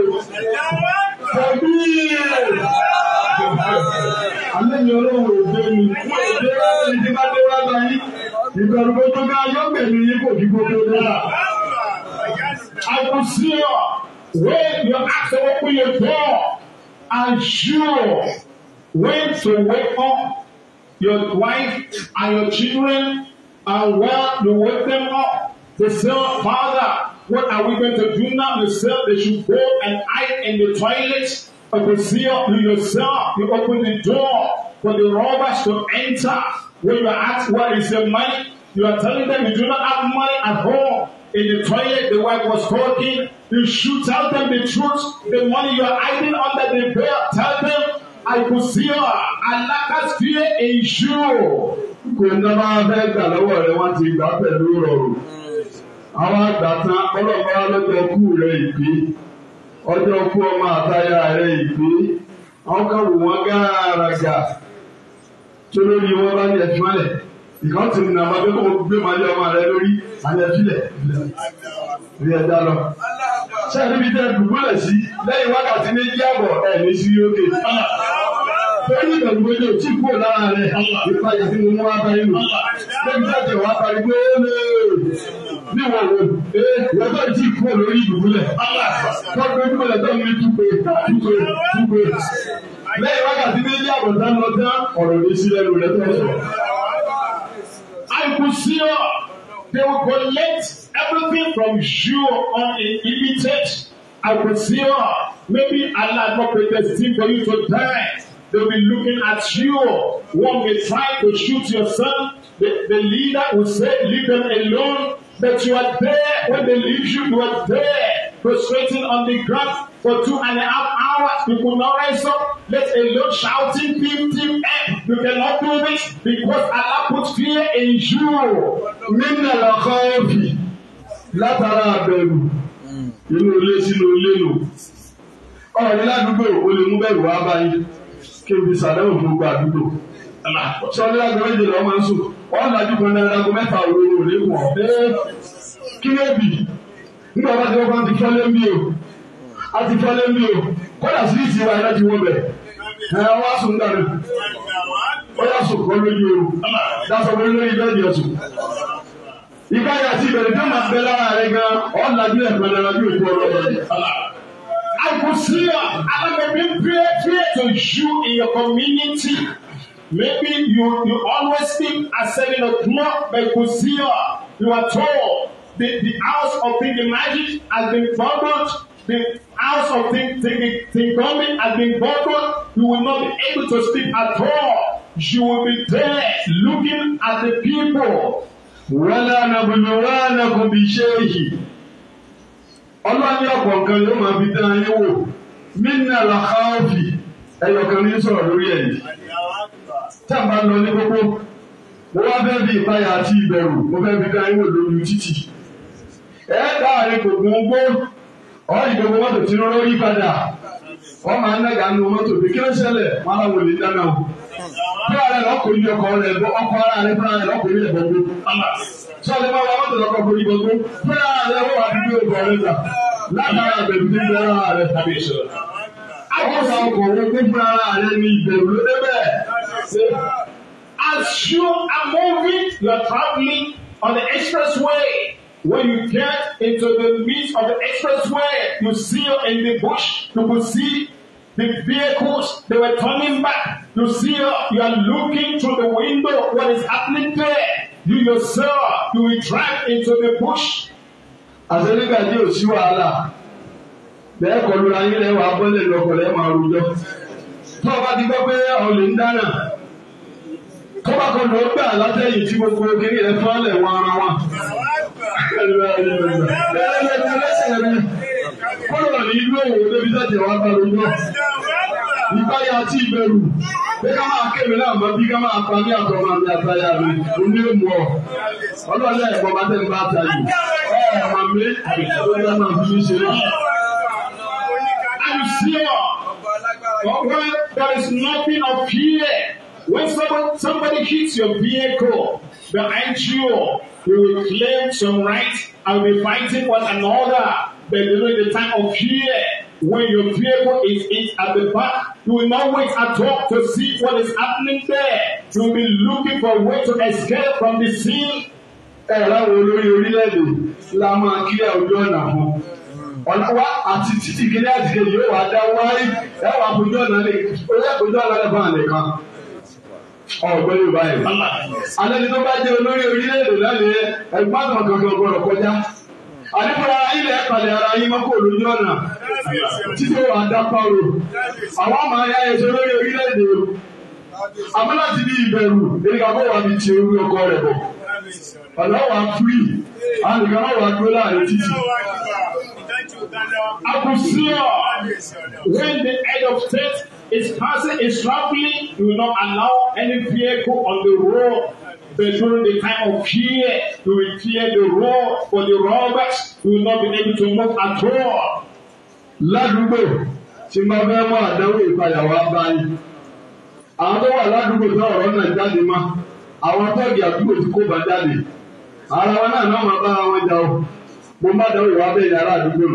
àlẹ́yìn ọlọ́run òde mi déwájú ti bá déwájú ayé ìbẹ̀rù gbogbo bí ayọ́gbẹ̀mí yìí kò fi gbogbo dára. I will see you when your eyes open your door and you when to wake up your wife and your children and where to wake them up. They say, Father, what are we going to do now? They said they should go and hide in the toilet If you see to yourself, you open the door for the robbers to enter. When you ask, where is your money? You are telling them you do not have money at home. In the toilet, the wife was talking. You should tell them the truth. The money you are hiding under the bed, tell them, I could see her. Alaka's fear is you. Kò ní máa fẹ́ gbà lọ́wọ́ rẹ̀ wọ́n ti gbà pẹ̀lú rọrùn. Àwọn àgbà tán ọlọ́pàá lọ́jọ́ kú rẹ̀ ìpín ọjọ́ kú ọmọ àtayà rẹ̀ ìgbé àwọn kan wò wọ́n gàràgà tó lórí wọn bá ní ẹ̀fí mọ́lẹ̀ ìkan ti nà máa gbé kó gbé máa ọmọ rẹ lórí àyẹ̀ rí ẹja lọ. ṣé níbi tẹ dùgbọ́lẹ̀ sí lẹ́yìn wákàtí méjì àbọ̀ ẹ̀ ní sí òkè. Torí ìbẹ̀rù méjì ò tí kúrò lára rẹ̀ ìpayà tí mo mú wá bá yín lò. Lẹ́yìn tí a jẹ̀ wá ní wọ́n wò pé wọ́tọ̀ jí kúrò lórí ìdùbúlẹ̀ wọ́n gbé lẹ́tọ́ mi dúpẹ́ dúpẹ́ dúpẹ́ lẹ́yìn wákàtí méjì àbọ̀tá lọ tán ọ̀rọ̀ lè sí lẹ́nu rẹ̀ tó àìkú sí ọ they will collect everything from you on a immediate àìkú sí ọ maybe Allah no predestined for you to die. They will be looking at you. One may try to shoot your son. The, the leader will say, Leave them alone. But you are there when they leave you, you are there, prostrating on the ground for two and a half hours. You could not rise up, let alone shouting, team, team, eh, you cannot do this because Allah put fear in you. Nínú ọkọ òfì látara àbẹ̀rù inú ilé sínú ilé nù. Ọ̀rọ̀ ní ládùúgbò ò lè mú bẹ̀rù wá báyìí. Kébì sàdáwò fún gbàdúgbò. Sọ́lá àgbẹ̀rẹ̀ jìnnà ọmọ ń sùn wọ́n lajú fún ẹni ẹranko mẹ́ta òwúrò òní wọ̀ ẹ́ kílébì nígbà bá ti wọ́n kàn ti fọ́lé ń o a ti fọ́lé ń o kọ́dà sí ìsìn wa láti wọ́n bẹ̀ ẹ̀ wá sùn dànù ó yà sùn kọ́ lójú o dáṣọ pé lórí ìjọ ìjọ sùn. ìgbà yà ti bẹ̀rẹ̀ tó máa lára rẹ gan ọ́ lajú ẹ̀fọ́ ẹranko òkú ọlọ́dọ̀ I could see her. I'm going to be praying to you in your community. Maybe you, you always think at 7 o'clock, but you see you are, told the, the house of thinking magic has been bundled, the house of thinking thinking thinking has been bundled. You will not be able to sleep at all. You will be there looking at the people. Wọ́lá nàbùnúwá nàbùnbí ṣéèyì. Ọlọ́ni ọ̀pọ̀ nǹkan yóò máa fi dán yín wò. Mí nà lọ́kàáfì ẹ̀yọ̀kan ní sọ̀rọ̀ lórí ẹ̀yìn tá a bá ń lọ ní pópó mo wá fẹ́ fi ìpayà àti ìbẹ̀rù mo fẹ́ fi dá ìwò lójú títì ẹ láàrin gbogbo gbó ọ̀rọ̀ ìgbogbo mọ́tò tí ń rórí padà wọ́n máa ń nàgà nu mọ́tò pé kí ló ṣẹlẹ̀ wọ́n á wòlé dáná o bí ara rẹ̀ ọkùnrin ọkọ̀ rẹ̀ bọ́ ọkọ̀ ara rẹ̀ fúnra rẹ̀ ọkùnrin rẹ̀ gbogbo sọ́ọ̀lẹ́ máa wọ mọ́tò lọ́kọ̀ gbogbo gbogbo fúnra rẹ̀ wọ́n wà dúdú ọgbọ̀n rẹ̀ gbà látara bẹ̀rù ní ìlera rẹ̀ tàbí ìṣòro. Àwọn ọ̀sán kò wọ́n gbé fúnra rẹ̀ ní ìbẹ̀rù ló débẹ̀. As you are moving, you are traveling on the expressway. When you get into the midst of the expressway, you see in the bush, you could see the vehicles, they were turning back. You see her, you are looking through the window, what is happening there? You yourself, you will drive into the bush. Àṣẹ́lẹ́gbà ní òsì wàhálà. Lẹ́ẹ̀kọ́ lura yín lẹ́wọ̀ abọ́lé lọ́kọ̀ lẹ́ẹ̀ máa rojọ́. Tó o bá ti gbọ́ pé olè ń dáná, Tọ́ba kan ló gbà látẹ̀yìn tí gbogbo kiri rẹ̀ fọ́lẹ̀ wọn ara wọn. Kọ́lọ̀ ní inú òwò débi tẹ̀tẹ̀ wá gbàlú náà. Ìbáyà àti ìbẹ̀rù. Bí ká máa kéwì náà mọ bí ká máa pa ní àtọ̀ máa ní àtàyà mi, òní èmu ọ̀. Ọlọ́ọ̀lẹ́ ẹ̀gbọ́n bá tẹ̀ bá ta yìí. Ẹ̀ máa mi ló máa fi mí ṣeré. I'm sure. Ọ̀pẹ́ there is nothing of fear. When someone, somebody hits your vehicle, the NGO, we will claim some rights and be fighting one another. But during the time of fear, when your vehicle is in at the back, you will not wait at all to see what is happening there. You will be looking for a way to escape from the scene. Ẹ̀rọ olórí orílẹ̀-èdè la máa kí àwùjọ ọ̀nà fún. Ọ̀nà wa àti títì kílẹ̀ àti kejì yóò wá dá wáyé. Ẹ wà àbújọ́ ọ̀nà lè, ó ọ̀nà lè fún àlè kan ọ̀gbẹ́ yorùbá yẹn. alẹ́ni tó bá jẹ́ olórí orílẹ̀-èdè lálẹ́ ẹ̀gbọ́n àtàwọn kankan gbọ́dọ̀ kọjá. àdìpọ̀lá ilẹ̀ ẹ̀pàlẹ̀ ara yín mọ́kò lójú ọ̀nà títí wà á dá pàrọ̀. àwọn àmọ́ ayá ẹ̀ṣẹ̀ olórí orílẹ̀-èdè o. àmọ́ láti ní ìbẹ̀rù eréka bó wà ní orí ọkọ rẹ̀ bọ̀. ọ̀nà wà fúri àlùkò wà dúró láàrin títì. Abusiyo, when the head of is passing is traveling, you will not allow any vehicle on the road. But during the time of fear, you will fear the road for the robbers. You will not be able to move at all. Ládùúgbò tí máa fẹ́ mú àdánwò ìpayàwó abáyé. Àwọn tó wà ládùúgbò tó ọ̀rọ̀ náà jáde má. Àwọn tọ́ọ̀gì àdúgbò ti kó bá jáde. Ara wọn náà náà máa bára wọn jà o mo má dánwò wá bẹ́ẹ̀ ni ará mi.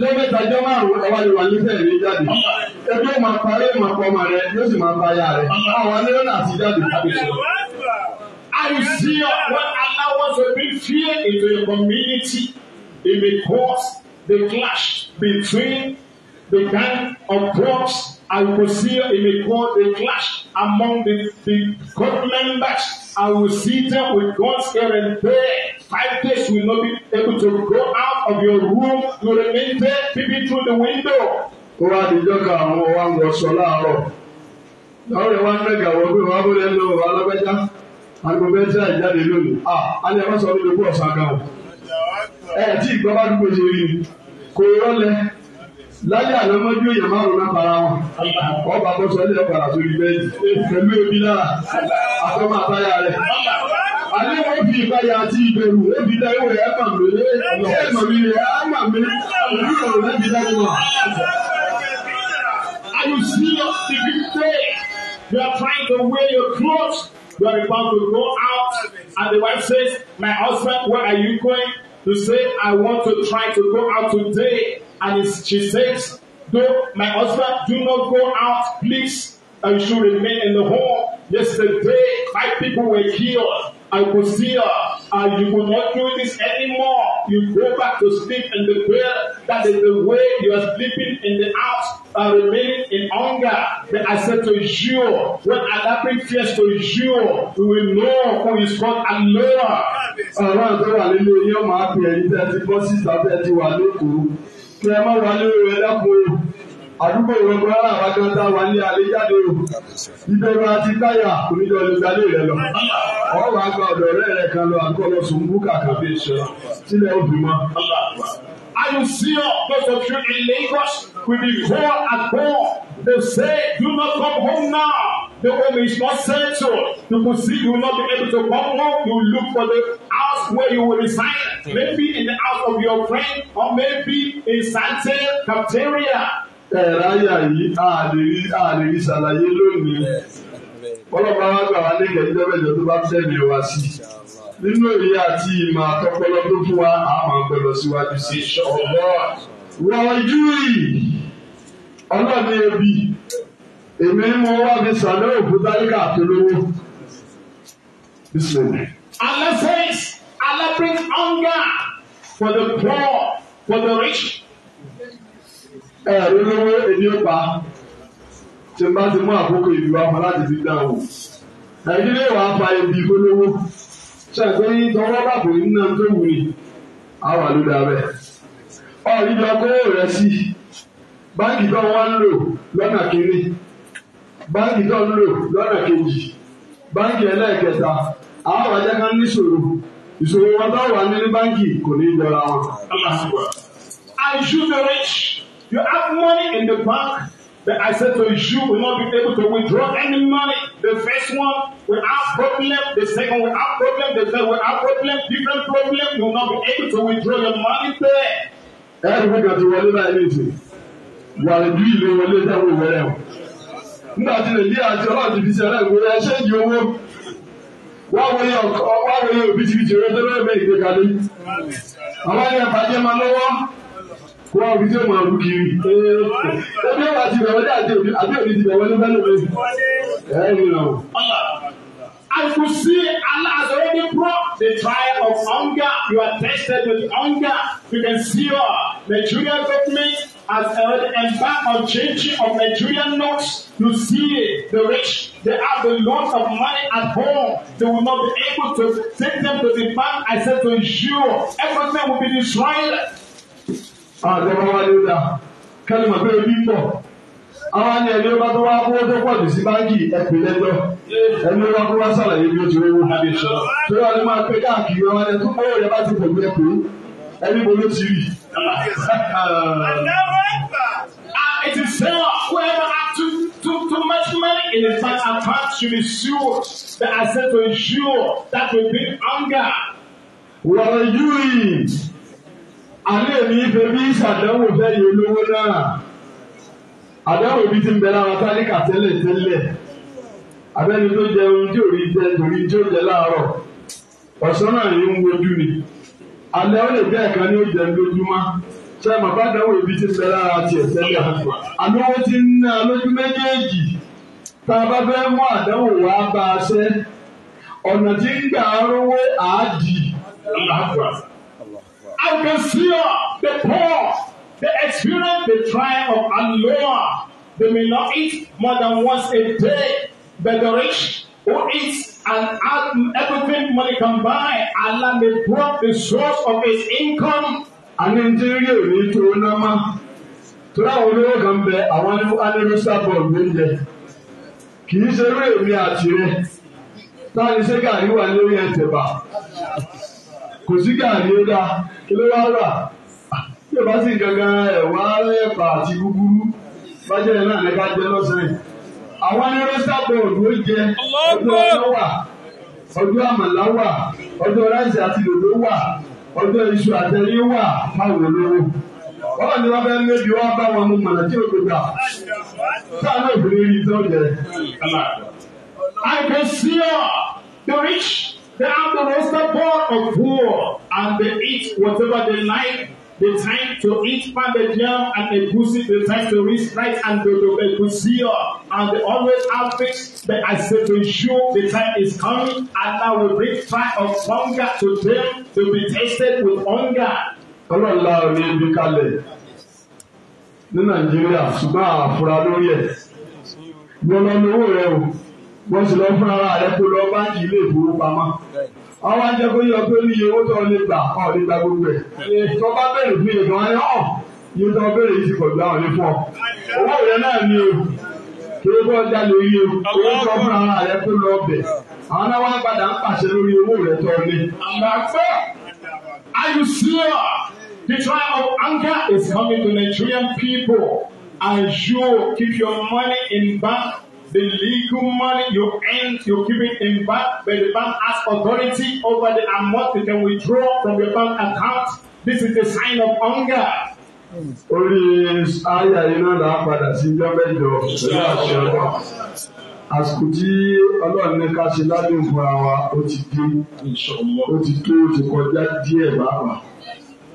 lọ́gbẹ́ta jọ márùn-ún ọwọ́ ni wà nífẹ̀ẹ́ mi jáde. ebi ó máa parí ìmọ̀ ọkọ ọmọ rẹ yóò sì máa báyà rẹ. àwọn alẹ́ náà ti jáde. I see when Allah wants to bring fear into your community, it may cause the clash between the gang of drugs and Hosea, in the course the clash among the, the God members. I will sit there with God's care and pray. Five days will not be able to go out of your room. You remain there, peeping through the window. Ó wá àdìjọ́ kan àwọn wa ń wọṣọ láàárọ̀. Láwọn yẹn wá ń bẹ̀gà wọ pé wọ́n á bọ̀lẹ̀ ń lọ wọ alágbẹ́já. Àgbo bẹ́ẹ̀ àìjáde lónìí. À alẹ́ wọ́n sọ wípé kó ọ̀sán gan o. Ẹ ti ìgbọ́ bá dúpọ̀ ṣe rí i. Kò rọ́lẹ̀ láyé àná mọ́jú èèyàn márùn-ún náà para wọn. ọba àbọ̀sọ ilé ẹ̀ padà sórí bẹ́ẹ̀dì pẹ̀lú ebi lára àtọ́mọ àtayà rẹ̀. Àlẹ́ wọn fi ìpayà àti ìbẹ̀rù ebi dá ìwé ẹ̀ mà mí ẹ̀ mà mí ẹ̀ á mà mí ìbúrò lẹ́bi dání wọn. Are you serious? Did you pray? You are trying to wear your clothes. You are about to go out, and the wife says, "My husband, where are you going?" to say, I want to try to go out today. And she says, No, my husband, do not go out, please and should remain in the home. Yesterday, five people were killed. I could see her, and you could not do this anymore. You go back to sleep in the bed. That is the way you are sleeping in the house and remaining in hunger. Then I said to you, when Allah brings fears to you, you will know who is called Allah. Ọ̀rọ̀ àgbẹ̀ wà nínú yóò máa pè ẹ̀yin tẹ́ ti bọ́ síta tẹ́ ti wà lóko. Kí ẹ má wà nínú ẹlẹ́kùn àdúgbò ìwé kura àwọn ní alẹ́ o ìbẹ̀rù àti táyà oníjọ lè gbalẹ̀ rẹ lọ ọ̀ wá gba ọ̀dọ̀ rẹ̀ rẹ̀ kan lọ àgọ́ lọ sùn kàkà bí ìṣẹ̀lẹ̀ sílẹ̀ obìnrin And you see those of you in Lagos will be poor at poor. They say, Do not come home now. The home is not settled. You could see you will not be able to come home. You look for the house where you will reside. Maybe in the house of your friend, or maybe in Sante cafeteria ẹ̀ráyà yìí àdèrí àdèrí ṣàlàyé lónìí ọlọ́pàá wa gbà wá nígbà ìjọbẹ̀jọ tó bá tẹ̀lé wa sí nínú èyí àti ìmọ̀ àtọpọlọ tó fún wa àwọn àgbẹ̀lọ̀ síwájú sí ṣọ̀gbọ́ rọ̀jú yìí ọlọ́ọ̀ni ebi èmi ń wọ́n wá fi sàlẹ̀ òkúta yíká àtolówó. Allah says, Allah brings hunger for the poor, for the rich, ẹ lólówó ẹni ó tí n bá ti mú àkókò ìlú wa láti fi dá o nàìjíríà wàá fa ibi gbólówó ṣàgbéyìn tọwọ́ bàbò iná tó wù ní àwọn rẹ̀ ọ̀rídìí ọkọ̀wé rẹ̀ sí báńkì tó wọ́n ń lò lọ́nà báńkì tó ń lò lọ́nà kejì báńkì ẹlẹ́ẹ̀kẹta àwọn ìṣòro wọn You have money in the bank that I said to you will not be able to withdraw any money. The first one will have problem, the second will have problem, the third will have problem, different problem. You will not be able to withdraw your money there. Ẹ̀rù gbẹ̀gàn ti wọlé náà ní ìsìn. Wàrà ìlú ìlú wọlé dáwọ̀ ìwẹ̀rẹ̀ o. Nígbà tí lè dí àti ọlọ́run ti fi ṣe ẹ̀rẹ́ ìwé ẹṣẹ́ ìdí owó. Wá wọlé ọkọ̀ wá wọlé òbítíbitì rẹ̀ tó lọ́ọ́ bẹ́ẹ̀ ìgbékalẹ̀. Àwọn ẹ̀yà bàjẹ́ máa lọ́wọ́ wọ́n á fi tí ó máa kiri. ẹbí ọ̀rọ̀ àti ìbẹ̀wọ̀ dáadé òbí àbí òbí ti bẹ̀wọ̀ lọ́gbẹ́ lómi. ẹ ní nà o. I see Allah has already brought the trial of hunger. You are tested with hunger. You can see your Nigerian government has already embarked on changing of Nigerian notes. You see the rich, they have the lot of money at home. They will not be able to take them to the bank. I said to you, everything will be destroyed àgbẹ̀wò wa pé ebi pọ̀ àwọn ni ẹni ọba tó wá kó tó pọ̀ jù sí báńkì ẹ̀pẹ̀ lẹ́jọ́ ẹni ọba tó wá sàlàyé bí ó ti rówó tó yà ló máa pé káàkiri ọmọ ẹni tó kọ́ òye bá ti pọ̀ gbé ẹni bo ló ti rí. Ah, it is said whoever has too, too, too much money in his bank account should be sure that I said to ensure that will bring hunger. Wọ́n yúrin. àlẹ́ yẹ naa, ti tó jẹ ohun tí jẹ torí tí ó jẹ náà yìí ń wojú ni alẹ́ ó lè bẹ́ẹ̀ kan ní ó jẹ lójúmọ́ ṣé bàbá àdánwò ibi ti ń bẹ lára tiẹ̀ tẹ́lẹ̀ àlówó ti ń ná lójú méjèèjì tá a bá fẹ́ mú àdánwò wá bá a ṣẹ́ ọ̀nà tí can see uh, the poor, they experience the trial of allure. They may not eat more than once a day, but the rich who eats and everything money can buy, Allah may block the source of his income. Àní ń dín rí òní tó ná má. Tóra àwọn olówó kan bẹ àwọn anẹ́lúsà bọ̀ọ̀lù lóúnjẹ. Kì í ṣe eré èmi àti rẹ̀. Táà ní ṣé gàrí wà lórí ẹ̀tẹ̀bà kò sí gàrí ó dáa kí ló wá rà tí o bá sì gangan ẹ̀wà lẹ́pà àti gúgúrú bájẹ́ náà ní ká jẹ lọ́sàn àwọn ẹrẹ́sà bọ̀ọ̀dù ó jẹ ọjọ́ ọjọ́ wà ọjọ́ àmàlà wà ọjọ́ ráìsì àti dòdò wà ọjọ́ iṣu àtẹ̀lé wà fáwọn olówó wọ́n ní wọ́n fẹ́ méjì wọ́n bá wọn mú mọ̀nà tí o tó gbà sáà náà òfin rí tó jẹ. I can see you, rich. They have the roster born of war, and they eat whatever they like. The time to eat pounded yam and egusi, the time to reach right, and dodo egusi, and they always have things that I say to you, the time is coming, and I will bring fire of hunger to them to be tested with hunger. Ọlọ́la ò ní ibi kalẹ̀ ní Nàìjíríà ṣùgbọ́n àfúrà lórí ẹ̀. Gbọ́dọ̀ ni owó rẹ̀ o wọ́n sì lọ fún ara rẹ̀ kó lọ báńkì ilé ìfowópamọ́. àwọn ajẹ́ kó yọ pé ní owó tó lè gbà ọ̀ lè gba gbogbo ẹ̀. tó bá bẹ̀rẹ̀ fún yẹn gan-an ọ̀ yóò tó bẹ̀rẹ̀ yìí sì kọ̀ gbà ọ̀ lè fún ọ. owó rẹ̀ náà ni o kí o bọ́ ọjà lórí o owó sọ fún ara rẹ̀ kó lọ bẹ̀. àwọn náà wọ́n padà ń pàṣẹ lórí owó rẹ̀ tó lé. àgbàgbọ́ are you sure the trial of anger is coming to Nigerian people and you keep your money in bank the legal money you earn, you give it in bank, but the bank has authority over the amount you can withdraw from your bank account. This is a sign of hunger. Orí ayé ayé náà là á padà sí ìjọ mẹ́jọ pẹ̀lú àṣẹ ọlọ́. Àsìkò tí Ọlọ́run ní ká ṣe ládùn fún wa ó ti dé. Ó ti tó ó ti kọjá díẹ̀ báwa.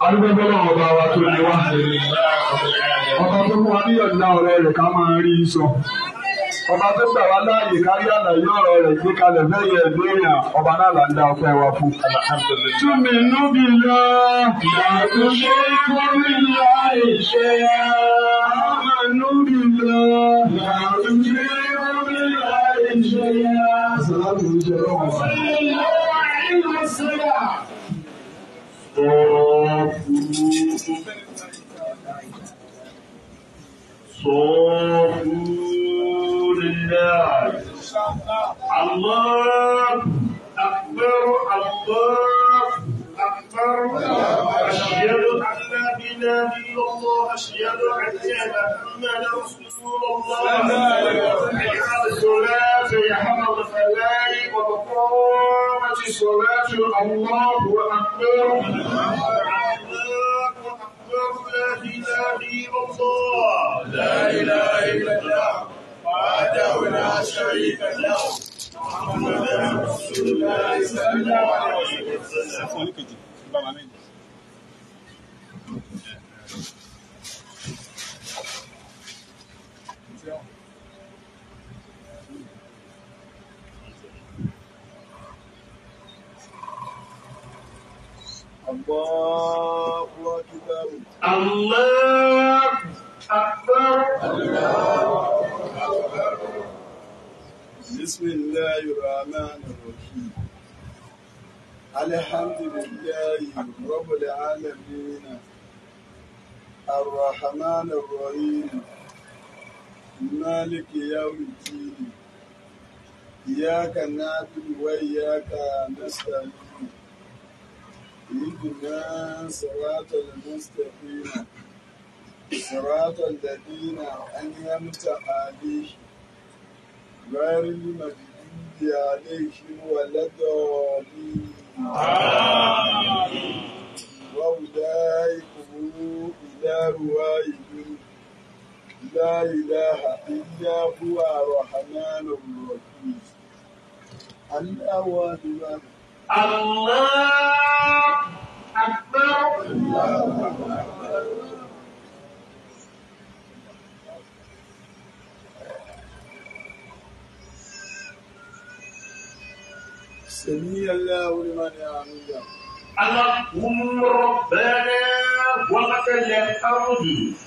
Adúgbò náà ọba wa tó lé wá. Ọba tó mú wa níyànjú náà rẹ̀ ká máa rí sọ ọba tó gbà wá láàyè kárí àlàyé ọ̀rọ̀ rẹ̀ gbé kalẹ̀ lẹ́yìn ẹ̀dẹ́ èèyàn ọba náà là ń dá ọpẹ́ wa fún. túnbí inú lọ ìyàtò ṣe fún mi láì ṣe lọ ìyàtò ṣe fún mi láì ṣe ya. sàlámù ìjọ صفور الله الله أكبر الله أكبر أشهد أن لا إله إلا الله أشهد أن محمدا رسول مالك يوم الدين إياك نعبد وإياك نستعين اهدنا صراط المستقيم صراط الذين أنعمت عليهم غير المغضوب عليهم ولا الضالين وأولئك هم إلى رواهم إله إلا هو الرحمن الرحيم الأول الله أكبر الله أكبر سمي الله لمن يعمله اللهم ربنا وقت الحمد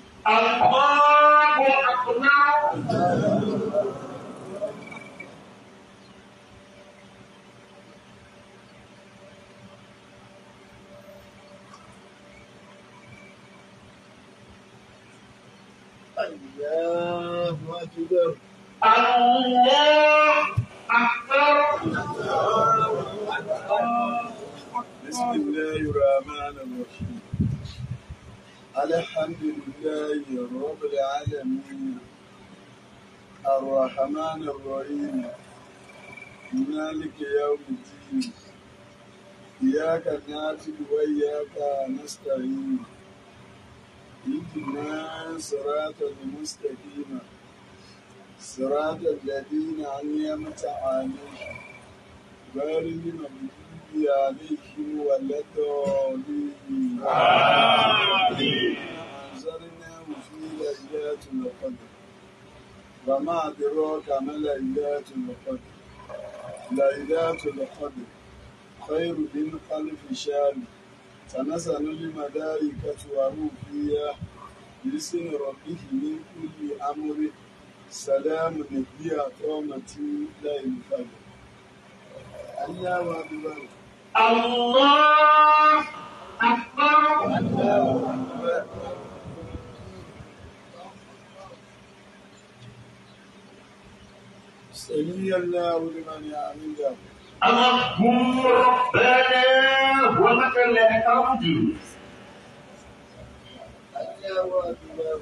Allah, what you do? Allah. الحمد لله رب العالمين الرحمن الرحيم مالك يوم الدين إياك نعبد وإياك نستعين اهدنا صراط المستقيم صراط الذين أنعمت عليهم غير المغضوب bí àlékí wà lẹ́tọ̀ ní àzọ́rínà òfìlẹ̀ ilẹ̀ tùlọ̀kọ̀dù. Bàmá àdúrà kàmẹ́lẹ̀ ilẹ̀ tùlọ̀kọ̀dù. Ilẹ̀ tùlọ̀kọ̀dù. خير من خلف شام تنزل الملائكة وروح فيها بإذن ربه من كل أمر سلام هي طعمة لا ينفذ. أيام ببركة الله أكبر سمي الله لمن يعمده اللهم ربنا ولك الحمد الله أكبر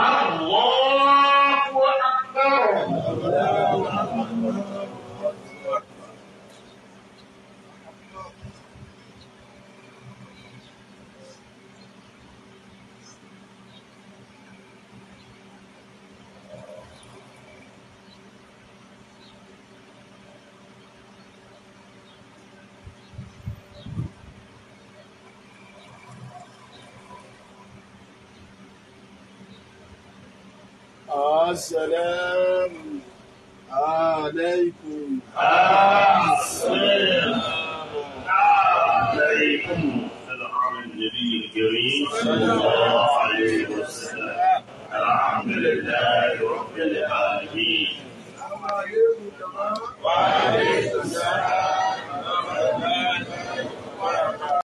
الله أكبر السلام عليكم السلام عليكم العام النبي الكريم صلى الله عليه وسلم الحمد لله رب العالمين وعليكم السلام